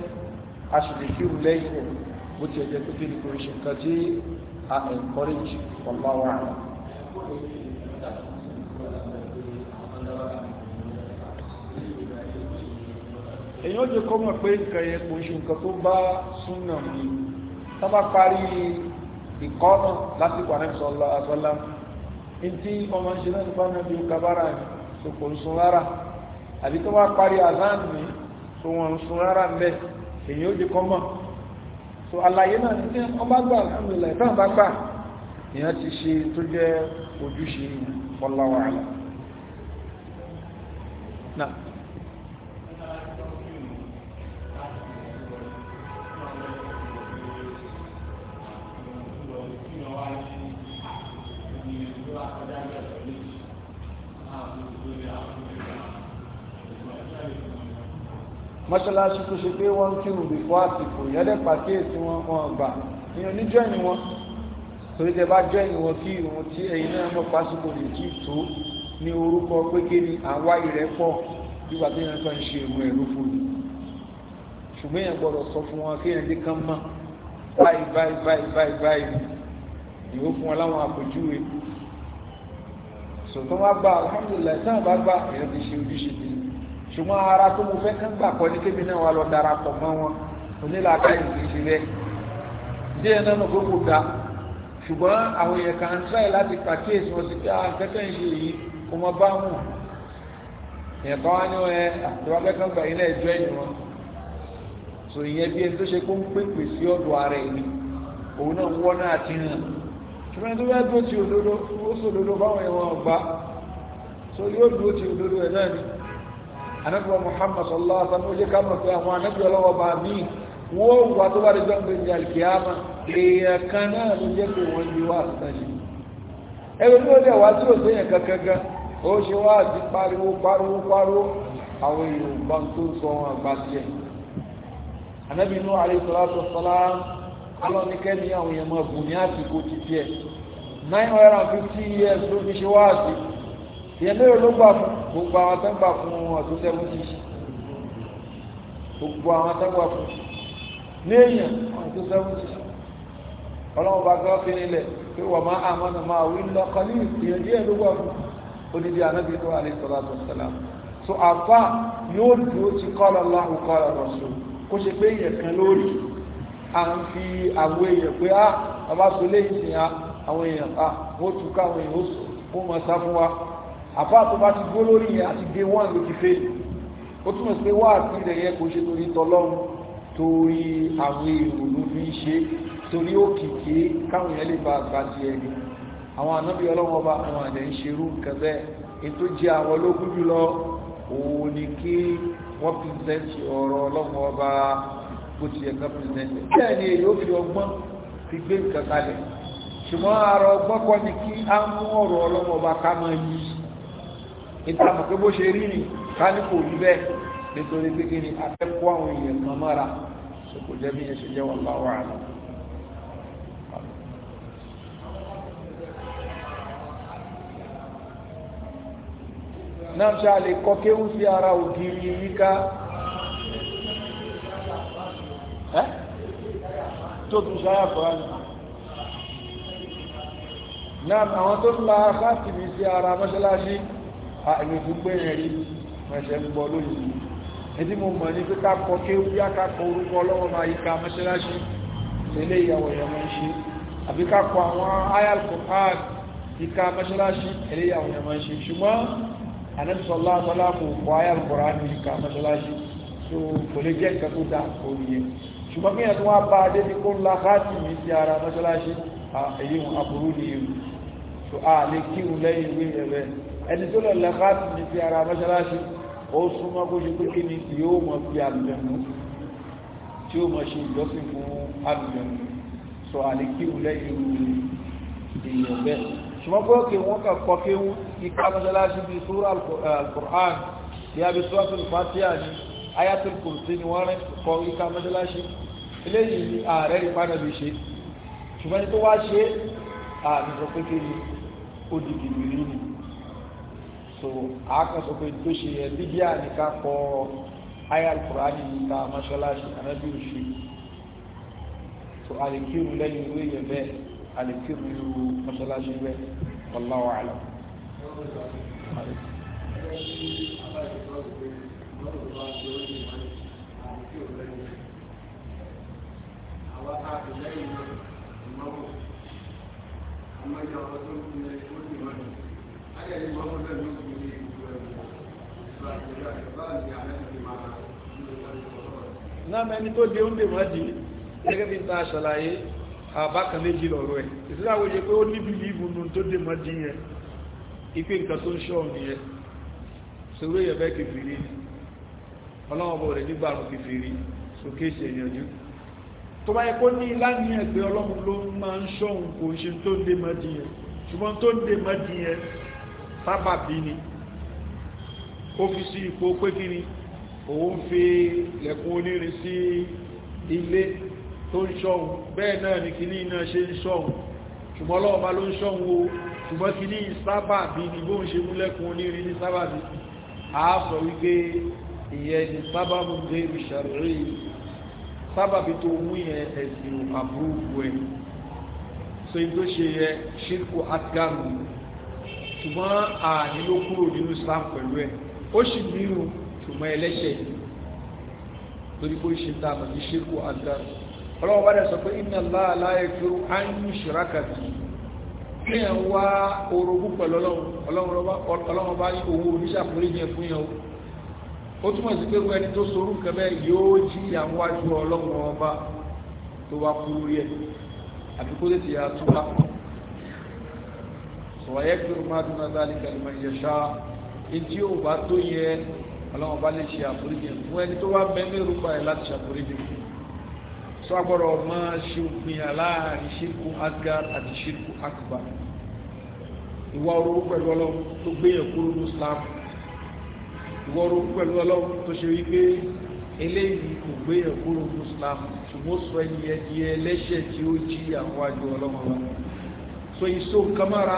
a sì lè kírun lẹ́yìn bó ti ẹ̀jẹ̀ pé kí ni kò ṣe nǹkan tí are encouraged from our èyàn jẹ́ kọ́ mọ̀ pé nǹkan yẹn kò ṣe nǹkan tó bá súnà ní tán bá parí ìkọ́ náà lásìkò àrẹ́sọ̀lá àsọ́lá ní tí ọmọ ṣe náà nípa náà bí ó kabára tó kò sun rárá àbí tó bá parí azán tó wọ́n sun rárá ń bẹ́ èyàn jẹ́ kọ́ mọ̀ so àlàyé náà ní ọba bá gbà alhamdulillah ìtàn bá gbà ti ṣe tó jẹ́ ojúṣe mọ́ṣáláṣí tó ṣe pé wọ́n ń kírun bí fọ́ àsìkò ìyẹ́dẹ̀ pàkíyèsí wọn wọn gbà ìyẹn ní jọ́ìnì wọn torí tẹ bá jọ́ìnì wọn kí ìrun tí ẹ̀yin náà mọ̀ pásítọ̀ lè jí tó ní orúkọ pékè ní àwa ìrẹ́pọ̀ nígbà tí yẹn kan ń ṣe ìrun ẹ̀rú fún mi ṣùgbọ́n yẹn gbọ́dọ̀ sọ fún wọn kí yẹn dé kán mọ́ báyìí báyìí báyìí báyìí báyìí ìwé fún wọn láwọn àpèjúwe sọ̀tún wá gbà alhamdulilayi sáà bá gbà ẹ̀yẹ́ ti ṣe ojúṣe tèmi ṣùgbọ́n ara tó mo fẹ́ kán gbà kọ́ ní kébì náà wà lọ darapọ̀ mọ́ wọn onílàáká ìlú ṣe bẹ́ẹ̀ díẹ̀ náà nàá gbogbo ga ṣùgbọ́n àwọn èèyàn kan ń tíráì láti pàkíyèsí wọn sí pé akẹ́kẹ́ ah, ń ṣe yìí kò mọ bá mú èèyàn kan wá ní ẹ àtúwá kẹ́kọ̀ọ́ gbà yín náà ẹjọ́ ẹ̀yìn wọn sò ìyẹn bí ẹni tó ṣe kó ń pèpè sí ọ̀dọ̀ ara ẹni òun náà wọ́n náà ti hàn ṣùgbọ́n tó bá dúró ti òdodo ó sòdodo báwọn ẹ̀wọ̀n ọ̀gbá so yóò dúró ti òdodo ẹ̀ náà ni anábì wa muhammad sallallahu alaihi wa sallam ó jẹ́ ká mọ̀ pé àwọn anábì ọlọ́wọ́ bá mí wọ́n wà tó bá dé jọ́ ń gbèsè àlùkìyàmà èèyàn kan náà ló jẹ́ pé wọ́n di wá àtàlẹ́ yìí ẹ̀rọ ní ọdẹ tí ò séyàn kankan gan ó ṣe wá àti pariwo pariwo pariwo àwọn èèyàn bá tó sọ wọn àgbà tiẹ̀ anábì inú alayhi salatu wassalam alọ́nikẹ́ni àwọn èèyàn máa bù ní àsìkò títí ẹ̀ nine hundred and fifty years ló fi ṣe wá àti ìyẹn mẹ́rin ló gbà fún gbogbo àwọn tó ń gbà fún ọ̀tún sẹ́fúntì gbogbo àwọn tó ń gbà fún ní èèyàn ọ̀tún sẹ́fúntì ọlọ́run bá gbọ́ fi nílẹ̀ pé wọ́n máa àmọ́nà máa wí lọ kọ́lí ìyẹn díẹ̀ ló gbà fún odidi anábì tó wà ní sọ́lá tó sẹ́lá so àfa yóò dúró ti kọ́lọ̀ láhùn kọ́lọ̀ lọ́sùn kó ṣe pé èèyàn kan lórí à ń fi ah, àwọn èèyàn pé á bàbá sọ léyìn sí àwọn èèyàn á wọ́n tún káwọn èèyàn ó mọ̀ sá fún wa àfáà tó bá ti gbó lórí yẹn àti day one ló ti fẹ́lì ó túnmọ̀ sí pé wá àti ilẹ̀ yẹn kò ṣe torí tọlọ́run torí àwọn èrò ló fi ń ṣe torí òkìkí káwọn yẹn lè ba àgbà ti ẹni àwọn ànábì ọlọ́wọ́ bá àwọn àdẹ̀ ń ṣerú nǹkan bẹ́ẹ̀ ètò jẹ́ àwọn ológun jùlọ òun ni kí wọ́n pìrìsẹ́ǹtì ọ̀rọ̀ ọlọ́wọ́ bá bó ti yẹ ká pìrìsẹ́ǹtì bẹ́ẹ̀ ni èyí ó fi ọgbọ́n fi gbé nǹkan kalẹ̀ ṣùgbọ́n ara ọgbọ́n kọ́ ni kí á mú ọ̀rọ̀ ọlọ́wọ́ bá ká máa yí ìtàmọ̀ pé bó ṣe rí ni ká ní kò rí bẹ́ẹ̀ nítorí pé kí ni akẹ́kọ̀ọ́ àwọn èèyàn kan mọ́ra so kò jẹ́ bí yẹn ṣe jẹ́ wọn bá wà ní. náà ṣe àlè kọ́ kéwú sí ara ògiri yíká tó tún ṣáyà kọ́ra ní. náà àwọn tó ń la káàkiri sí ara mọ́ṣáláṣí àmì ìfúgbẹ́yìn rí mẹ́sẹ̀ ń bọ́ lóyìí ẹtí mo mọ̀ ní pípa kọ kí ó bí akákọ orúkọ ọlọ́wọ́ máa yíká mọ́ṣáláṣí ilé ìyàwó ẹ̀yà ṣe àbí kákọ àwọn ayal Qur'an yíká mọ́ṣáláṣí ilé ìyàwó ẹ̀yà máa ń ṣe ṣùgbọ́n anẹ́sọ̀lá sọlá kò kọ ayal Qur'an yíká mọ́ṣáláṣí tó kò lè jẹ́ nǹkan tó dá oríyẹ ṣùgbọ́n kí ẹ̀tún wá bá a lè kírun lẹ́yìn ìwé rẹ̀ ẹni tó lọ lẹ́fà sí ní fi ara mọ́ṣáláṣí ó súnmọ́ kó ṣe pé ní tí ó mọ̀ fi àlùjẹ̀mú tí ó mọ̀ ṣe ìjọsìn fún àlùjẹ̀mú sọ àlékíwù lẹ́yìn èèyàn bẹ́ẹ̀ ṣùgbọ́n pé òkè wọn kà kọ́ kí wọ́n ipa mọ́ṣáláṣí bíi sura al-Qur'an tí a bí sura al-Fatiha ni ayatul kursi ni wọ́n rẹ̀ kọ́ ipa mọ́ṣáláṣí eléyìí ni ààrẹ rí padà lè ṣe ṣùgbọ́n ní tó wá ṣe àmì sọ pé kí ni ó di bìbìrì ni so àákan sọ pé tó ṣe yẹ bíbíà ní ká kọ ayé alukurani ní ká mọ́ṣáláṣí anábì so àlèkírun lẹ́yìn ìwé yẹn bẹ́ẹ̀ àlèkírun irú mọ́ṣáláṣí wallahu a'lam. Àwọn akáàbí lẹ́yìn ìmọ̀mọ́ àmọ́ ìjọba tó ń fi náà mẹ́ni tó dé oúnjẹ mọ́dí gẹ́gẹ́ bí n ta ṣàlàyé àbákan méjì lọ́rọ̀ ẹ̀ ìsìláwò yẹ pé ó níbi ìbùnú tó dé mọ́dí yẹn ipe nǹkan tó ń ṣọ́ nìyẹn sòrò yẹ bẹ́ẹ̀ kìfìrí ọlọ́wọ́n bọ̀ rẹ̀ nígbà àrùn kìfìrí sókè ṣèyànjú tó bá yẹ kó ní láàrin ẹgbẹ́ ọlọ́run ló máa ń ṣọ́ nǹkan kò ṣe tó ń dé mọ́dí yẹn ó fi sí ipò pé kí ni òun fi lẹ̀kùn onírin sí ilé tó ń ṣọ́hun bẹ́ẹ̀ náà ni kìíní iná ṣe ń ṣọ́hun ṣùgbọ́n lọ́ọ̀bá ló ń ṣọ́hun o ṣùgbọ́n kìíní sábàbí ni bó ń ṣe mú lẹ́kùn onírin ní sábàbí a sọ wípé ìyẹn ni sábàbù dé ìṣàrí sábàbí tó mú yẹn ẹ̀sìn àbúrúkú ẹ̀ so in tó ṣe yẹ ṣírkù atgamu ṣùgbọ́n àní ló kúrò nínú Islam pẹ̀lú ẹ̀ ó sì nírú ṣùgbọ́n ẹlẹ́ṣẹ̀ yìí torí bó ṣe tá a mọ̀ ní ṣírkù agbára ọlọ́wọ́ bá dẹ̀ sọ pé inna Allaha la yaghfiru an yushraka bihi ní ẹ̀ ń wá orogún pẹ̀lú ọlọ́run bá ní owó oníṣàkórí yẹn fún yẹn o ó túmọ̀ sí pé ẹni tó sorú kẹ́mẹ́ yóò jí àwọn ajú ọlọ́run ọba tó etí ò bá tó yẹ ọlọ́run bá lè ṣe àforíjì fún ẹni tó wá mẹ́mí rúpa ẹ̀ láti ṣàforíjì fún sọ agbọ́dọ̀ máa ṣe òpin aláàrin ṣírkù asgar àti ṣírkù akbar ìwà orogún pẹ̀lú ọlọ́run tó gbéyàn kúrò ní islam ìwà orogún pẹ̀lú ọlọ́run tó ṣe wípé eléyìí kò gbéyàn kúrò ní islam ṣùgbọ́n sọ ẹni ẹni ẹlẹ́ṣẹ̀ tí ó jí àwọn àjọ ọlọ́run wa so ìṣó kamara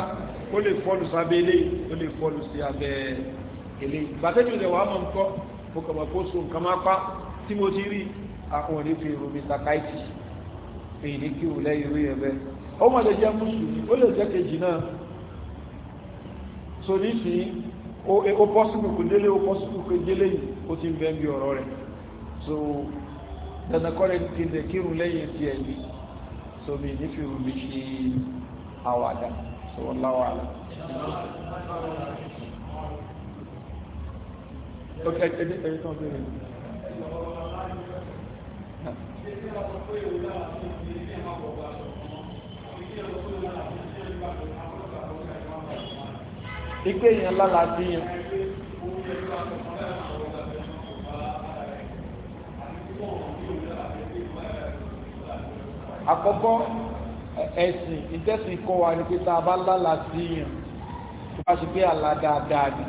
ó lè fọ́lù sábẹ́ ilé ó lè fọ́lù sí abẹ́ ilé ìgbàtẹ́jú ilẹ̀ wàá mọ̀ ń kọ́ mo kàn mọ̀ kó so nǹkan máa pa tí mo ti rí àwọn òní fi rò mí sakaiti èyí ní kí òun lẹ́yìn rí ẹ̀bẹ́ ó mọ̀ lè jẹ́ mùsùlùmí ó lè jẹ́ kejì náà so nísìnyí ó e, pọ́sibù kò délé ó pọ́sibù kò délé yìí ó ti ń bẹ́ẹ̀ bí ọ̀rọ̀ rẹ̀ so dandakọ́rẹ́ kéde kírun lẹ́yìn tiẹ̀ yìí so mi ní fi rò mí àwàdà sọ wọ́n láwọ́ àlọ́. ó kẹ́ ẹni ẹni tó ń bèèrè ní. yẹn lára bí yẹn. Àkọ́kọ́ ẹ̀sìn ìtẹ́sìn kọ́ wa ní pé tá a bá lálà sí yàn tó bá ṣe pé àlá dáadáa ni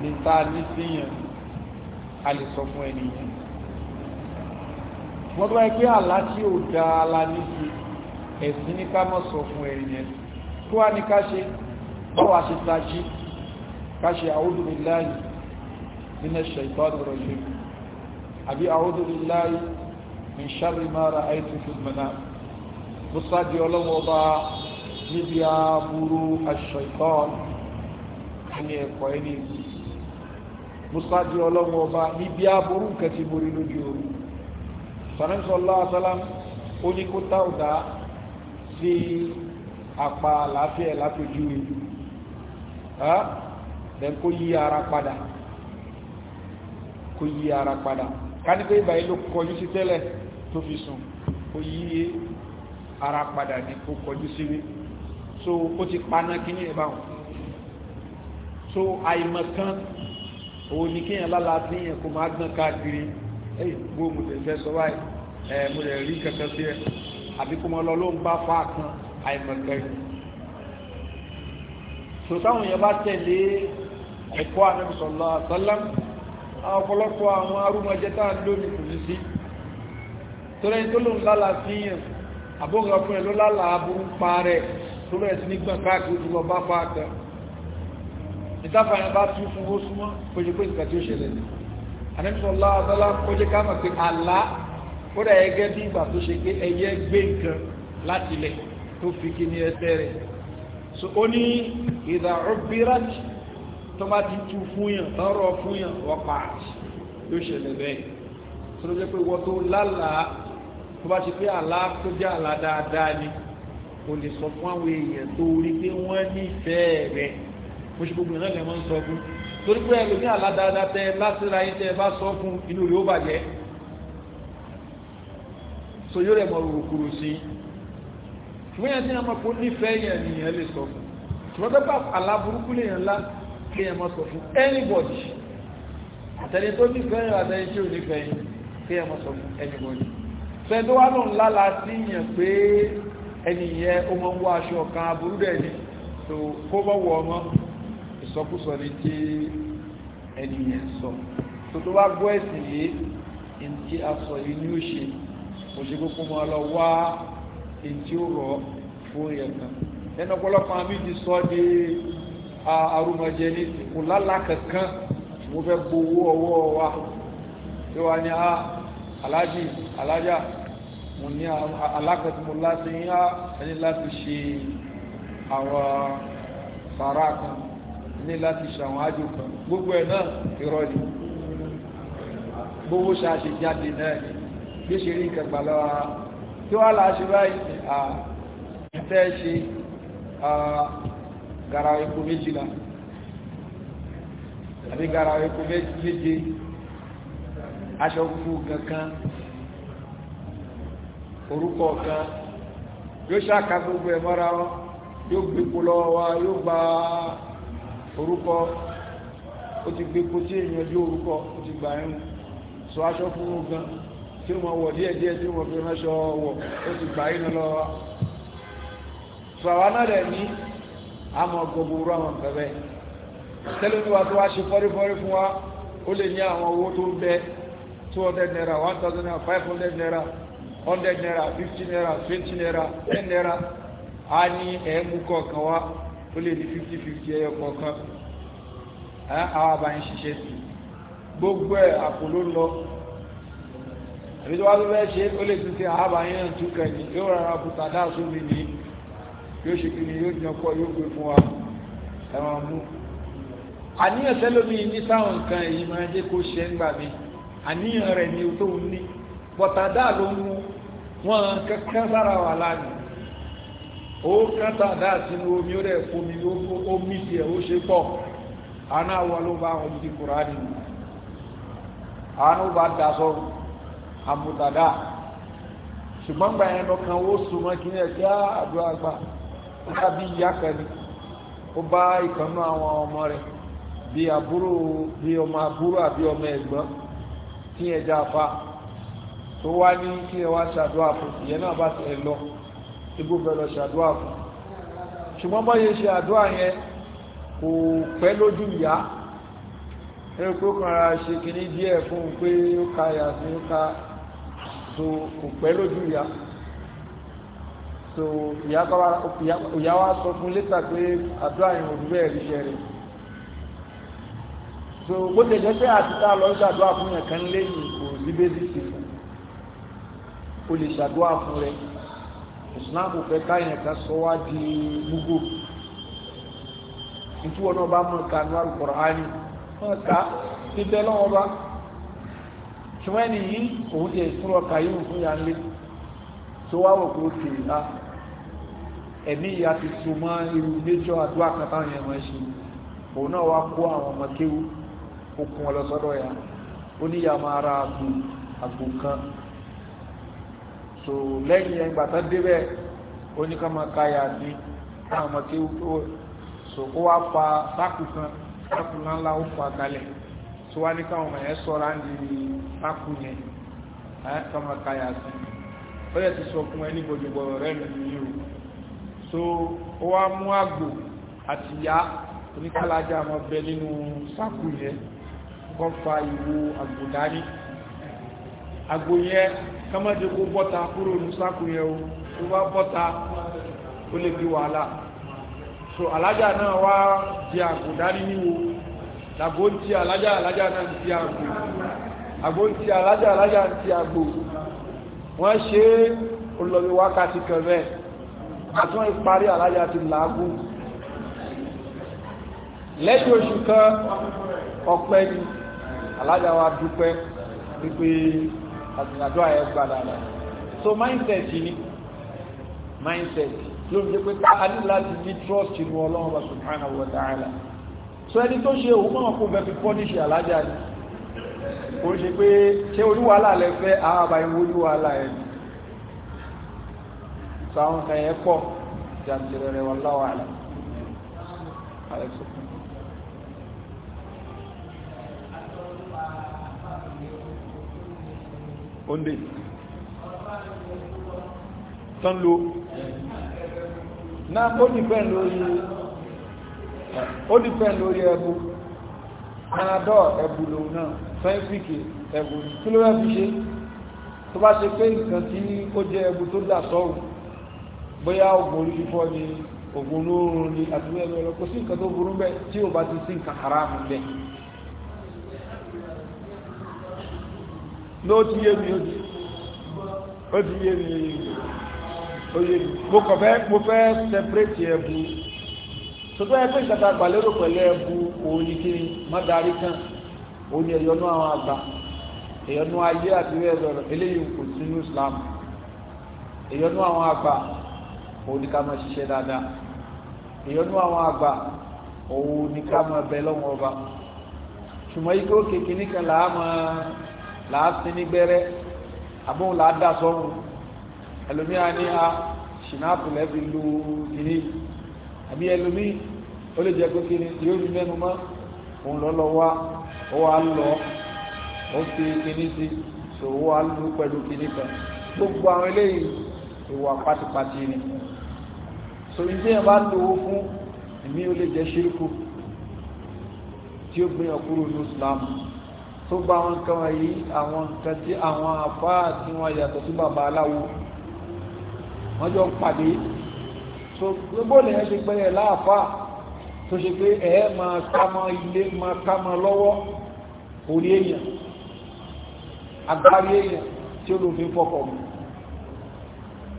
ní tá a ní sí yàn a lè sọ fún ẹni yẹn wọ́n tó bá yẹ pé àlá tí ò da ala ní sí ẹ̀sìn ní ká mọ̀ sọ fún ẹni yẹn tó wá ní ká ṣe báwo a ṣe tají ká ṣe a'udhu billahi minash shaitanir rajim àbí a'udhu billahi min sharri ma ra'aytu fil manam musaadi ọlọ́wọ́ ọba níbi aburú aṣọ ìtọ́ọ̀nù ẹni ẹ̀kọ́ ẹni ìlú musaadi ọlọ́wọ́ ọba níbi aburú kẹtì borí lójú ooru sàrẹ́sọ̀lá asálám oníkótá ọ̀dà sí apá àlàáfíà lápẹjú rẹ̀ ha then kó yí ara padà kó yí ara padà ká ní pé ìbàyí ló kọjú sí tẹ́lẹ̀ tó fi sùn kó yí ara padà ní kó kọjú sí mi so ó ti paná kíní ẹ̀ báwọn so àìmọ̀kan òun ni kéèyàn lálàá sí yẹn kó máa gbọ́n káàkiri ẹ̀yìn gbó mo lè fẹ́ sọ báyìí ẹ̀ mo lè rí kankan sí ẹ̀ àbí kó mọ lọ ló ń bá fa kan àìmọ̀kan yìí so táwọn yẹn bá tẹ̀lé ẹ̀kọ́ Ànábì sallallahu ọ̀pọ̀lọpọ̀ àwọn arúgbọ́njẹ́ tá à ń lónìí kò ní tó lóun lálàá sí yẹn àbóhùn ọkùn ẹ̀ ló lálà aburú pa rẹ̀ tó bẹ̀rẹ̀ sí ní gbọ̀n káàkiri tó lọ bá pa kan ìtafà yẹn bá tún fún ó súnmọ́ kójú pé nǹkan tí ó ṣẹlẹ̀ ni àníṣọ́ láàdọ́lá kójú ká pé àlá ó rẹ̀ ẹgẹ́ bí ìgbà tó ṣe pé ẹyẹ gbé nǹkan láti lẹ̀ tó fi kí ní ẹsẹ̀ rẹ̀ so ó ní ìdá ọ̀bíràtì tó bá ti tu fún yàn tó rọ̀ fún yàn wọ́n yóò ṣẹlẹ̀ bẹ́ẹ̀ tó ló jẹ́ pé wọ́n tó lálàá tó bá ṣe pé àlá tó jẹ́ àlá dáadáa ni o lè sọ fún àwọn èèyàn tó rí pé wọ́n nífẹ̀ẹ́ rẹ̀ mo ṣe gbogbo ìrànlẹ́ mọ́ ń sọ fún torí pé ẹlòmí àlá dáadáa tẹ lásìra yín tẹ bá sọ fún inú rẹ̀ ó bàjẹ́ so yóò rẹ̀ mọ òwò kúrò sí ṣùgbọ́n yẹn tí wọ́n mọ̀ pé nífẹ̀ẹ́ yẹn nìyẹn lè sọ fún ṣùgbọ́n tó bá àlá burúkú lè yẹn ńlá kí yẹn mọ̀ sọ fún anybody àtẹni nífẹ̀ẹ́ yẹn àtẹni nífẹ̀ẹ́ yẹn kí yẹn mọ̀ sọ fún anybody sẹ́ńtọ́ wá lòun lálá sí yàn pé ẹnìyẹn ó mọ́ ń wọ aṣọ kan aburú dẹ̀ ni tó kó bọ́ wọ ọmọ ìsọkúsọ ni tí ẹnìyẹn sọ tó tó bá gbọ́ ẹ̀sìn yìí ní tí a sọ yìí ní ó ṣe kò ṣe kókó mọ́ lọ wá èyí tí ó rọ̀ fún yẹn ẹnu ọ̀pọ̀lọpọ̀ àmì ti sọ di arúmọjẹ ní kò lálá kankan mo fẹ́ gbowó ọwọ́ wa tí wàá ní a. Ah, Alaji, alaja, mo ní alákọ̀tìmọ̀ láti ń yá ẹni láti ṣe àwọn sàrà kan ní láti ṣe àwọn ájò kan gbogbo ẹ̀ náà irọ́ ni gbogbo ṣáṣe jáde náà ni bí ṣe rí nǹkan lọ́wọ́ tí wàá là á ṣe báyìí tẹ́ ṣe garawa epo méjìlá àbí garawa epo méje. aṣọ funfun kankan orúkọ kan yóò ṣàkà gbogbo ẹ̀ mọ́ra wọn yóò gbépo lọ́wọ́ wa yóò gba orúkọ ó ti gbépo tí èèyàn jó orúkọ ó ti gbà ẹ̀hún sọ aṣọ funfun gan tí tí ti gbà ẹ̀hún lọ́wọ́ wa sọ àwa náà ní àmọ́ gbogbo àwọn tó wá ṣe fún wa ó Two hundred naira, one thousand naira, five hundred naira, hundred naira, fifty naira, twenty naira, ten naira. A ní ẹ̀ẹ́mú kọ̀ọ̀kan wá ó lè di 50-50 ẹyọ kọ̀ọ̀kan. Àwọn àbá ń ṣiṣẹ́ sí. Gbogbo ẹ̀ àpò ló lọ. Àbí tó wá ló fẹ́ ṣe ó lè tún ṣe àbá yẹn náà túkẹ̀ ní yóò rárá bùtà dáàsó mi ní yóò ṣe kí ni yóò jẹun pọ̀ yóò gbé fún wa ẹ̀wọ̀n mú. Àníyàn sẹ́lómi ní sáwọn nǹkan èyí máa ń jẹ́ kó ṣe ń gbà mí àníyàn rẹ̀ ni tó ń ní bọ̀tàdá ló ń mú wọn kankan sára wà lánàá ó kátàdá sínú omi ó rẹ̀ fomi ó mí tiẹ̀ ó ṣe pọ̀ àná àwọn ló bá wọn di kùránì àánú bá da sọ àmùtàdá ṣùgbọ́n gba ẹnu kan ó súnmọ́ kí ní ẹ̀kẹ́ àdúrà gbà ó dábí ìyá kan ni ó bá ìkànnú àwọn ọmọ rẹ̀ bí àbúrò bí ọmọ àbúrò àbí ọmọ ẹ̀gbọ́n tí ẹ já fa tó wá ní kí ẹ wá ṣàdúrà fún ìyẹn náà bá ti ẹ lọ igbó fẹ́ lọ ṣàdúrà fún ṣùgbọ́n bá yẹ ṣe àdúrà yẹn kò pẹ́ lójú ìyá ẹ̀rọ pé ó kàn ṣe kìíní díẹ̀ fún un pé ó ka yàtí ó ka so kò pẹ́ lójú ìyá so ìyá wa sọ fún létà pé àdúrà yẹn ò dúró ẹ̀rí ṣe so bó lè jẹ́ pé àtìká lọ ṣàdúrà fún yẹn kan lẹ́yìn kò sí bébí sí fún o lè ṣàdúrà fún rẹ islam fẹ́ ká yẹn sọ wá di gbogbo nítorí wọn náà bá mọ̀ ká ní Al-Qur'ani wọn ká bíbẹ́ lọ́wọ́ bá ṣùgbọ́n ẹni yìí òun jẹ́ ìfúnra kàyé òun fún yàn lé tó wá wò pé ó kéré náà ẹ̀mí ìyá ti so mọ́ irú iléjọ́ àdúrà kan táwọn yẹn máa ṣe òun náà wá kó àwọn ọmọ kéwú okun wọn lọ ya ó ní ìyá máa ra àgbò àgbò kan so lẹ́yìn ẹgbà tán débẹ̀ ó ní ká máa ka yà sí káwọn ọmọ tí ó so ó wá fa sáàkù kan sáàkù ńláńlá ó fa kalẹ̀ so wá ní káwọn ọmọ yẹn sọra ń di sáàkù yẹn ẹ ká máa ka yà sí ó yẹ ti sọ fún ẹ ní gbogbo rẹ nìyí o so ó wá mú àgbò àti yá oníkàlájà ọmọ bẹ nínú sáàkù yẹn kọ́ fa ìwo àgbò dání àgbò yẹn kọ́mọ́dé kó bọ́ta kúrò ní sáàkù yẹn o bá bọ́ta ó lè fi wàhálà so alaja náà wá di àgbò dání níwo làgbó ń alaja alaja alájà náà ń ti àgbò àgbò alaja ti alájà alájà ń ti àgbò wọ́n ṣe é olóbi wákàtí kan àtún ìparí alájà ti làágùn lẹ́yìn oṣù kan ọ̀pẹ ni alájà wa dúpẹ́ wípé àtìnàjọ́ àyẹ̀ gbà dáadáa so mindset ni mindset ló ń jẹ́ pé ká a ní láti ní trust inú ọlọ́run wa subhanahu wa ta'ala so ẹni tó ṣe òun mọ̀ kó bẹ́ẹ̀ fi pọ́níṣì alájà ni kò ṣe pé ṣé oníwàhálà lẹ fẹ́ àbá ìwọ oníwàhálà ẹ̀ sàwọn kan yẹn pọ̀ jàǹtìrẹrẹ wà láwàlá alẹ́sọ̀kún òǹdè tán lo náà ó dìpẹ́ lórí ó dìpẹ́ lórí ẹbu panadol ẹbu lòun náà scientific ẹbu dà sọ́rùn bóyá oògùn ni oògùn olóorun ni àti bẹ́ẹ̀ bẹ́ẹ̀ lọ kò sí nǹkan tó burú bẹ́ẹ̀ tí ti ní ó ti yé mi ó ti yé mi ó yé mi mo kàn fẹ́ mo fẹ́ separate ẹ̀bù tuntun ẹ pé ìkàtà àgbàlérò pẹ̀lú ẹ̀bù òun ni kí ni má darí kan òun ni ẹ̀yọ́nú àwọn àgbà ẹ̀yọ́nú ayé àti ilé ẹ̀dọ̀rọ̀ eléyìí kò sínú Islam ìyọnú àwọn àgbà òun ni ká máa ṣiṣẹ́ dáadáa ìyọnú àwọn àgbà òun ni ká máa bẹ lọ́wọ́ ọba ṣùgbọ́n ikú òkè kan là máa láàsín ní gbẹ́rẹ́ àbóhùn láàdá sọ́run ẹlòmíà ní a ṣìnáàpù lẹ́bi lu dini, àbí ẹlòmí ó lè jẹ́ pé kí ni yóò fi mẹ́nu mọ́ òun lọ́lọ́ wá ó wá lọ ó fi kíní sí so ó wá lù pẹ̀lú kíní kan gbogbo àwọn eléyìí ìwà pátipátí ni so ìdí ẹ̀ bá lówó fún ìmí ó lè tí ó gbìyànjú kúrò ní Islam tó gba àwọn nǹkan wọ̀nyí àwọn nǹkan tí àwọn àfáà tí wọ́n yàtọ̀ sí bàbá aláwo wọ́n jọ ń pàdé so gbogbo lèyàn ṣe gbẹ́yẹ̀ láàfáà tó ṣe pé ẹ̀ máa ká mọ́ ilé máa ká mọ́ lọ́wọ́ orí èèyàn agbárí èèyàn tí ó ló fi fọ́kọ̀ mú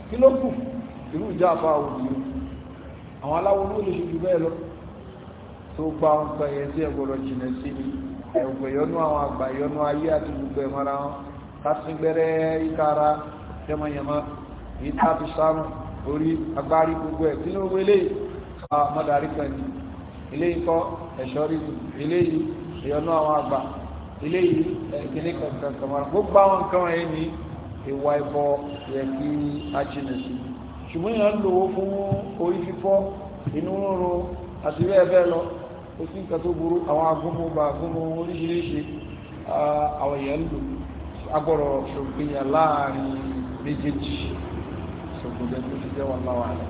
kí ló kù irú ìjà àfáà òní o àwọn aláwo ló lè ṣe jù bẹ́ẹ̀ lọ tó gba nǹkan yẹn tí ẹ̀ gbọ́dọ̀ jìnà sí ni ẹ̀wọ̀ ìyọnú àwọn àgbà ìyọnú ayé àti gbogbo ẹ̀mọ́ra wọn kásí gbẹ́rẹ́ ìkára tẹ́mọ̀yẹmọ́ yìí tàbí sáàmù orí agbárí gbogbo ẹ̀ tí ó wé lè fa mọ́dàrí kan ní ilé ikọ́ ẹ̀ṣọ́ ríru ilé yìí ìyọnú àwọn àgbà ilé yìí ẹ̀kíní kankan kamara gbogbo àwọn nǹkan ẹ̀ ní ìwà kò sí nǹkan tó burú àwọn agúnmu bá agúnmu oríṣiríṣi àwọn èèyàn lò agbọ́rọ̀ ṣògbìyàn láàrin méjèèjì ṣògbìyàn tó ti jẹ́ wọn láwọn àlẹ́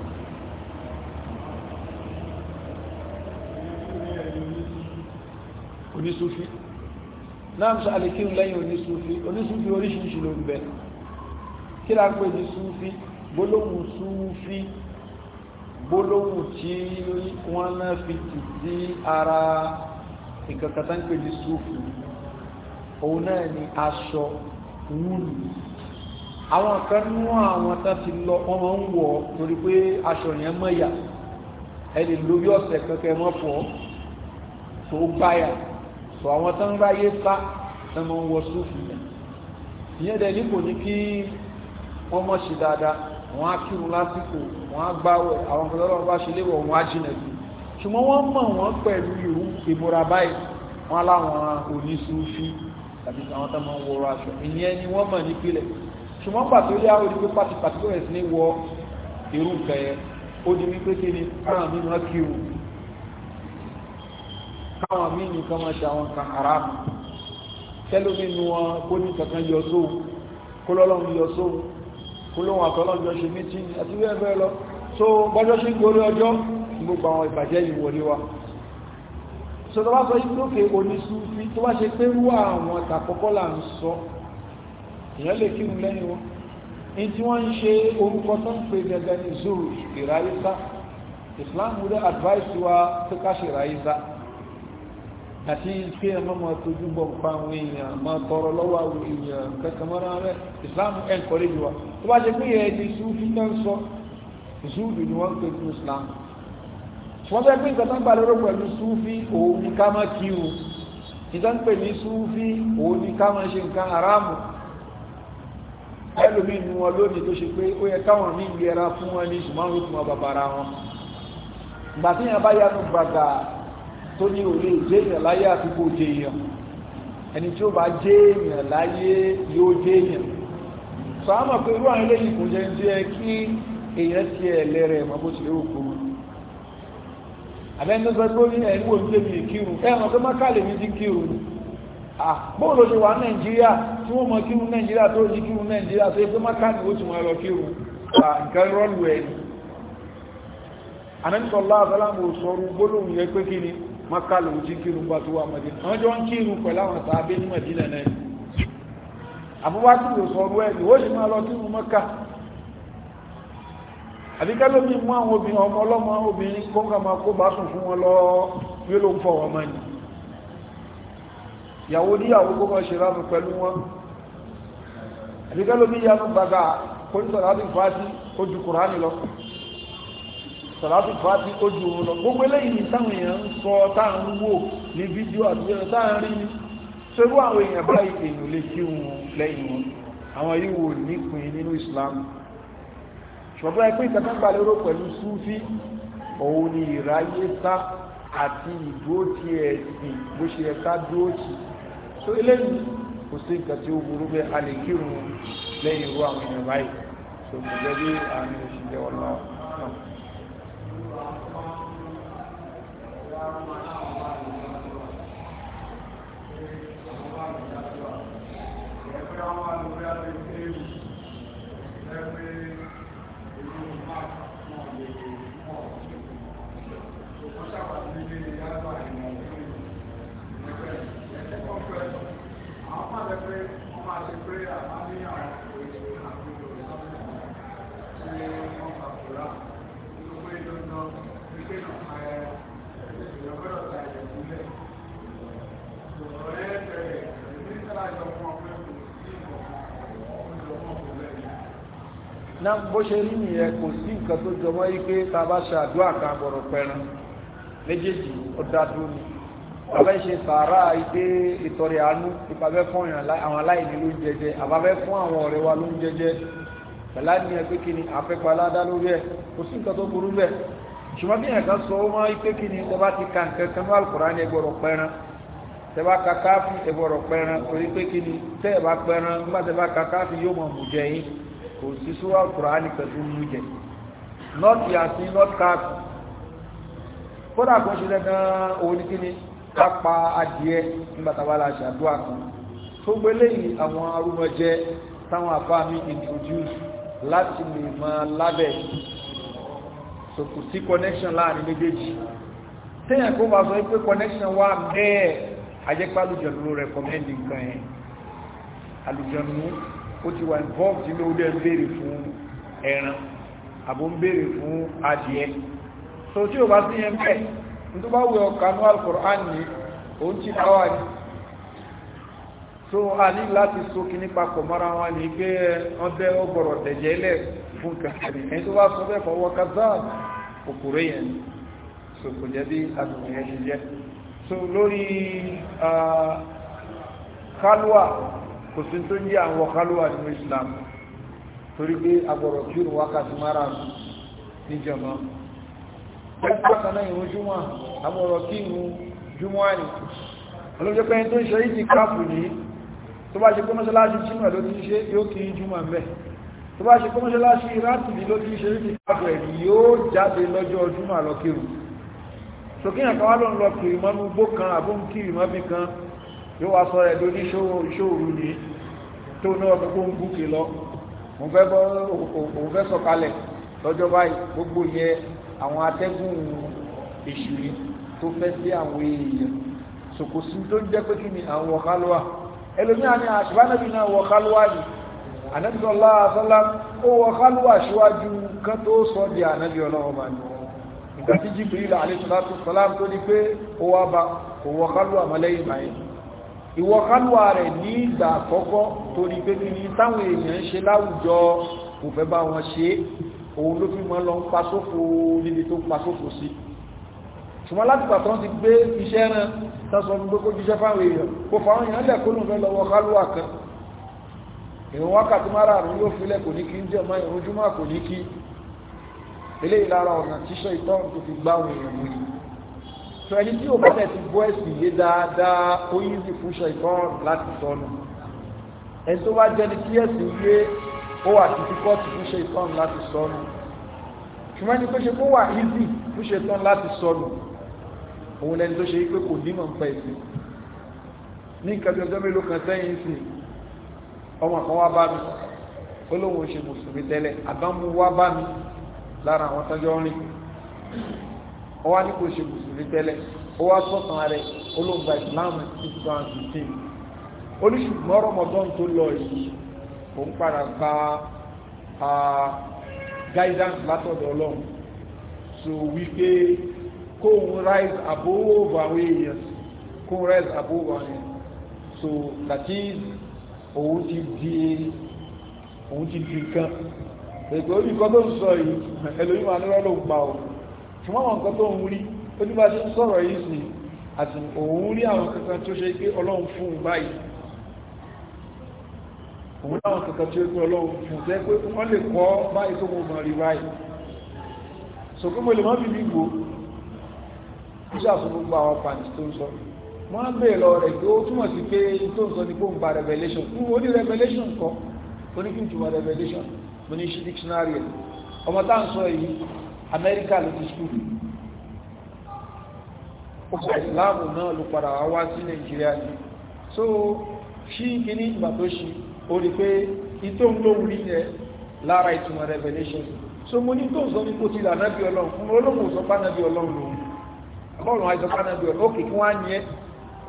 onísúfí náà sọ àlékírun lẹ́yìn onísúfí onísúfí oríṣiríṣi ló ń bẹ kí lápẹ́ ní súfí gbólóhùn súfí gbólóhùn tí wọ́n náà fi tì sí ara ìkàkàtà ń pè ní súfù òun náà ni aṣọ wúlù àwọn kan nú àwọn tán ti lọ wọ́n máa ń wọ̀ torí pé aṣọ yẹn mọ̀yà ẹni lórí ọ̀sẹ̀ kankan mọ́ fọ́ tó gbáyà tó àwọn tán ráyé sá tán ń wọ súfù yẹn ìyẹn dẹ̀ ní kò ní kí wọ́n mọ̀ ṣe dáadáa wọn á kírun lásìkò wọn á gbáwẹ̀ àwọn ọmọ ọlọ́run bá ṣe léwọ̀ wọn á jìnà sí ṣùgbọ́n wọ́n mọ̀ wọ́n pẹ̀lú ìrú ìbora báyìí wọ́n aláwọn oníṣúfí tàbí àwọn tó máa ń wọrọ aṣọ ìyẹn ni wọ́n mọ̀ nípìnlẹ̀ ṣùgbọ́n pàtó yá ó di pé pàtìpàtì bẹ̀rẹ̀ sí ní wọ irú ó di wípé kí ni káwọn mi máa kírun káwọn mi nìkan máa ṣe àwọn kan haramu tẹ́lómi nu wọn kó ní kankan yọ sóhun kó lọ́lọ́run yọ sóhun kúlóhun àtọ́lọ́jọ́ ṣe mítí àti bẹ́ẹ̀ bẹ́ẹ̀ lọ so bọ́jọ́ ṣe ń gorí ọjọ́ gbogbo àwọn ìbàjẹ́ ìwọlé wa so tó bá sọ ìgbókè onísúfí tó bá ṣe pé rú àwọn tàkọ́kọ́ là ń sọ èèyàn lè kírun lẹ́yìn wọn Islam would advise wa tó ká àti pé ẹmọ́ máa tójú bọ̀ ń pa àwọn èèyàn máa tọrọ lọ́wọ́ àwọn èèyàn kankan mọ́ra rẹ̀ islam encourage wa tó bá ṣe pé ẹ ti súfì náà sọ zúùdù ni wọ́n ń pè fún islam wọ́n fẹ́ pé nǹkan tó ń gbà lérò pẹ̀lú súfì òun ni ká má kí o nǹkan pè ní súfì òun ni ká má ṣe nǹkan aráàmù ẹlòmíì nu wọn lónìí tó ṣe pé ó yẹ káwọn ní ìlera fún wọn ní ṣùgbọ́n ó tún wọn bàbára wọn ìgbà tí yẹn bá yanu gbàgbà tó ní òye jẹ́ èèyàn láyé àfikò jẹ èèyàn ẹni tí ó bá jẹ́ èèyàn láyé yóò jẹ́ èèyàn sọ á mọ̀ pé irú àwọn eléyìí kò jẹ́ ń jẹ́ kí èèyàn ti ẹ̀lẹ́ rẹ̀ mọ́ bó ti lérò kúrú àbẹ́ni tó sọ pé ní ẹ̀wọ̀ ń débi ìkírun ẹ̀rọ tó má kálẹ̀ ní ti kírun bóun gbólóhùn yẹ pé kí ni maka ló ń jí kírun bá tó wà Madina wọ́n jọ ń kírun pẹ̀lú àwọn sàábé ní Madina náà ni àbúwásí ló sọ̀rọ̀ ẹ̀ ni ó sì máa lọ kírun maka àbíkẹ́ lómi mú àwọn obìnrin ọmọ ọlọ́mọ obìnrin kọ́ńkà máa kó bá sùn fún wọn lọ bí ló ń fọ wọn mọ́ ni ìyàwó níyàwó kó máa ṣe ránu pẹ̀lú wọn àbíkẹ́ lómi yanu bàgà kó ń sọ̀rọ̀ àbí fásí ó ju Kùránì lọ sàlátù fàájì ojú oorun lọ gbogbo eléyìí táwọn èèyàn ń sọ táwọn ń wò ní fídíò àti ẹ̀rọ táwọn rí ní ṣerú àwọn èèyàn báyìí èèyàn lè kí wọn lẹ́yìn wọn àwọn yìí wò nípìn nínú Islam ṣọ̀bọ́ ẹgbẹ́ ìtàkàgbà lérò pẹ̀lú súfí òun ni ìráyé sá àti ìdúró ti ẹ̀sìn bó ṣe ẹ̀ká dúró ti so eléyìí kò sí nǹkan tí ó burú bẹ́ẹ̀ a lè kírun lẹ́yìn irú àwọn èèyàn báyìí so kò jẹ́ bí àmì òṣìṣẹ́ ọlọ́run Oh my God. náà bó ṣe rí nìyẹn kò sí nǹkan tó jọmọ́ yí pé ta bá ṣe àdúrà kan bọ̀rọ̀ pẹran méjèèjì ó dá dúró ni àbá ṣe sàárà ìdé ìtọrẹ àánú ìpàbẹ fún àwọn aláìní ló ń jẹjẹ àbábẹ fún àwọn ọ̀rẹ́ wa ló ń jẹjẹ pẹ̀lá ní ẹgbẹ́ kìíní afẹ́pàládá lórí ẹ̀ kò sí nǹkan tó burú bẹ́ẹ̀ ṣùgbọ́n bí ẹ̀ka sọ ó máa pé kìíní tẹ bá ti ka nǹkan kan ní Al-Kùránì ní ẹgbọ̀rọ̀ pẹran bá ka káfí ẹgbọ̀rọ̀ pẹran torí pé kìíní tẹ bá pẹran nígbà tẹ bá ka káfí yóò mọ̀ mù jẹ kò sí súra kùránì pẹ̀lú mú jẹ nọ́ọ̀tì àti nọ́ọ̀tì káàkù kódà kò ṣe dandan òun ní kíni ká pa adìẹ nígbàtàwà la ṣàdúrà kan tó gbélé yìí àwọn arúmọjẹ táwọn àbá mi introduce láti lè máa lábẹ́ so kò sí connection láàrin méjèèjì téèyàn kó máa sọ pé connection wà bẹ́ẹ̀ ajẹ́pẹ́ alùjọ̀nù recommend nǹkan yẹn alùjọ̀nù ó ti wà involved inú ó dẹ̀ ń béèrè fún ẹran àbò ń béèrè fún adìẹ so tí o bá sí yẹn bẹ́ẹ̀ tó bá wẹ ọ̀kanú alukur'an ni òun ti káwà ní so a ní láti sókè nípa kọ̀mọ́ra wọn ni pé wọ́n bẹ́ ọgbọ̀rọ̀ tẹ̀jẹ̀ lẹ̀ fún kàkàrí ẹni tó bá sọ bẹ́ẹ̀ fọwọ́ kazá òkúrò yẹn so kò jẹ́ bí agbègbè yẹn ti jẹ́ so lórí ah, kálúà kò sí tó ń jẹ́ àwọn kálúwà nínú islam torí pé agbọ̀rọ̀ kí òun wákàtí mara ní jọmọ́ pẹ́pàtàná ìrún júmọ́ agbọ̀rọ̀ kí ìrún júmọ́ ní olóòjẹ́ pẹ́yìn tó ń ṣe ìdí káàpù ní tó bá ṣe kọ́mọ́ṣáláṣí jínú ẹ̀ ló ti ṣe yóò kí júmọ́ mẹ́ tó bá ṣe kọ́mọ́ṣáláṣí ìrátìlì ló ti ṣe ìdí káàpù ẹ̀ yóò jáde lọ́jọ́ júmọ́ lọ kírun sókè yàn lọ kiri yóò wá sọ rẹ̀ lórí ṣóòrù ní tó náà tó kó ń gúkè lọ òun fẹ́ sọ̀kalẹ̀ lọ́jọ́ báyìí gbogbo yẹ àwọn atẹ́gùn èṣù yìí tó fẹ́ sí àwọn èèyàn sòkòsí tó jẹ́ pé kí ni àwọn ọ̀kálùwà ẹlòmíà ni àṣìbánàbí náà wọ ọ̀kálùwà yìí ànábì sallallahu alaihi wasallam ó wọ ọ̀kálùwà síwájú kan tó sọ di ànábì ọlọ́wọ́ bá ìgbà tí Jibril alaihi salatu wassalam tó ní pé ó wá bá kò wọ mọ́lẹ́yìn báyìí ìwọ kálùwà rẹ̀ ní ìgbà àkọ́kọ́ torí pé kí ni táwọn èèyàn ń ṣe láwùjọ kò fẹ́ bá wọn ṣe òun ló fi mọ́ lọ ń pasófò níbi tó ń pasófò sí ṣùgbọ́n láti pàtàkì ti gbé iṣẹ́ rán tọ́sọ gbogbo kó jíṣẹ́ fáwọn èèyàn kò fáwọn èèyàn lẹ̀ kó lùn fẹ́ lọ́wọ́ kálùwà kan ìwọ̀n wákàtí mara àrùn yóò filẹ̀ kò ní kí ń jẹ́ ọmọ ìrújúmọ́ sọ ẹni tí o bá tẹ̀ ti gbọ́ ẹ̀sìn yé dáadáa ó yí sí fún ṣẹ̀gbọ́n láti sọnù ẹni tó bá jẹ́ni tí ẹ̀sìn yé ó wà ti fi kọ́ọ̀tù fún ṣẹ̀gbọ́n láti sọnù ṣùgbọ́n ẹni tó ṣe kó wà ízì fún ṣẹ̀gbọ́n láti sọnù òun lẹni tó ṣe pé kò nímọ̀ ń pa ẹ̀sìn ní nǹkan bí ọjọ́ mélòó kan sẹ́yìn sí ọmọ kan wá bá mi ó lóun ṣe mùsùlùmí tẹ́lẹ̀ àbámu wá bá mi lára àwọn tọ́jọ́ rìn ó wá ní kò ṣe mùsùlùmí tẹ́lẹ̀ ó wá sọ̀tàn rẹ̀ olóńgbà islam six thousand fifteen oníṣùgbọ́n rọmọdún tó lọ yìí òun padà gba guidance látọ̀dọ̀ ọlọ́run so wípé kóun rise above our years kóun rise above our years so that is òun ti di òun ti di nǹkan ètò orí nǹkan tó ń sọ yìí ẹlòmíràn ló ń gbà òun ṣùgbọ́n nǹkan tó ń rí ó ní bá ṣe ń sọ̀rọ̀ yìí sí àti òun rí àwọn kankan tó ṣe pé ọlọ́run fún un báyìí òun láwọn kankan tó ṣe pé ọlọ́run fún un jẹ́ pé wọ́n lè kọ́ báyìí tó mọ̀ rí báyìí so kí mo lè má bíbí gbò ó ṣàfù gbogbo àwọn pàǹtí tó ń sọ wọ́n á bèèrè lọ rẹ̀ pé ó túmọ̀ sí pé tó ń sọ ní gbóǹgbà revelation fún ó ní revelation kọ́ ó ní kí n túmọ̀ revelation mo ní ṣe dictionary ọmọ táà ń sọ yìí amẹ́ríkà ló ti skúlù ọgbà ìsìláàmù náà ló padà wá sí nàìjíríà ní so ṣí kíní ìgbà tó ṣí o rí pé ìtò ń lóhun rí yẹ lára ìtumọ̀ revelation so mo ní tó ń sọ ní kó ti là nábì ọlọ́run fún olóhùn sọ bá nábì ọlọ́run lòun ọlọ́run àìsọ bá nábì ọlọ́run òkè kí wọ́n á yẹ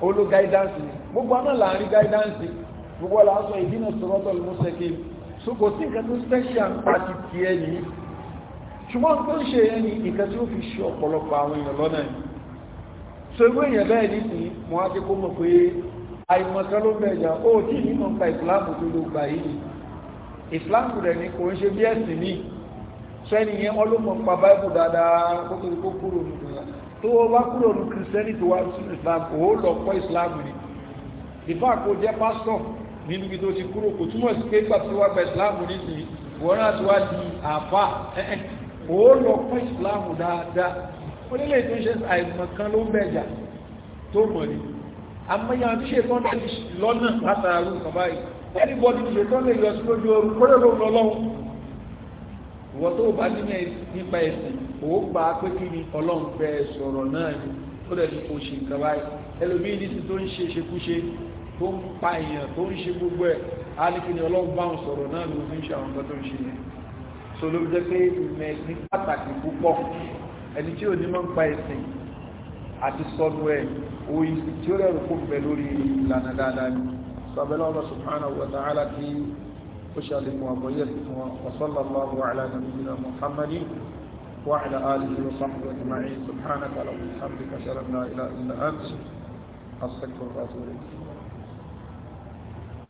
olú guidance ni gbogbo àná là guidance gbogbo àlà ń sọ ìdínà sọ̀rọ̀tọ̀ lọ́sẹ̀kẹ́ so kò sí nǹkan tó special pàtì tiẹ̀ nìyí ṣùgbọ́n tó ń ṣe ẹni nǹkan tí ó fi ṣe ọ̀pọ̀lọpọ̀ àwọn èèyàn lọ́nà ẹ̀ so ewé èèyàn bẹ́ẹ̀ ní sí mo á jẹ́ kó mọ̀ pé àìmọ̀kan ló bẹ̀ jà ó tí nínú ń pa ìsìláàmù tó ló gbà yìí ìsìláàmù rẹ̀ ni kò ń ṣe bí ẹ̀sìn ní sẹ́ni yẹn wọ́n ló mọ̀ pa báìbù dáadáa kó tó kó kúrò nínú rẹ̀ tó o bá kúrò nínú kìrìsìtẹ́nì tó wá sí ìsìláàmù ó lọ kọ́ ìsìláàmù ni ìfọ́ àkó jẹ́ pásítọ̀ nínú ibi tó ti kúrò kò túmọ̀ sí pé gbà tó wá gba ìsìláàmù nísìnyí wọ́n náà tó wá di àáfà ẹ̀ẹ́ ó lọ fún ìsìláàmù dáadáa ó nílé tó ń ṣe àìmọ̀ kan ló ń bẹ̀jà tó mọ̀ ní àmọ́yà tí ṣe tán lè lọ́nà látàrú nǹkan báyìí anybody tí ṣe tán lè yọ sí lójú oru kó lè ló ń lọ lọ́wọ́ ìwọ tó bá nílẹ̀ nípa ẹ̀sìn ó gbà pé kí ni ọlọ́run fẹ́ sọ̀rọ̀ náà ni ó dẹ̀ ní kò ṣe nǹkan báyìí ẹlòmíì ní ti tó ń ṣe ṣekúṣe tó ń pa èèyàn tó ń ṣe gbogbo ẹ̀ á ní kí ni ọlọ́run bá sọ̀rọ̀ náà ló fi ń ṣe àwọn nǹkan tó ń ṣe yẹn so ló jẹ́ pé ìmọ̀ ẹ̀sìn pàtàkì púpọ̀ ẹni tí ò ní máa ń pa ẹ̀sìn àti sọnù ẹ̀ òyì tí ó rẹ̀rù kó bẹ̀ lórí ìlànà dáadáa ni sọ̀bẹ̀lá ọba subhanahu wa ta'ala tí ó ṣàlẹ̀mù àbọ̀yẹ̀ fún wa wa sallallahu ala nabiyyina muhammadin wa ala alihi wa sahbihi ajma'in subhanaka allahumma wa bihamdika ashhadu an la ilaha illa anta astaghfiruka wa atubu ilayk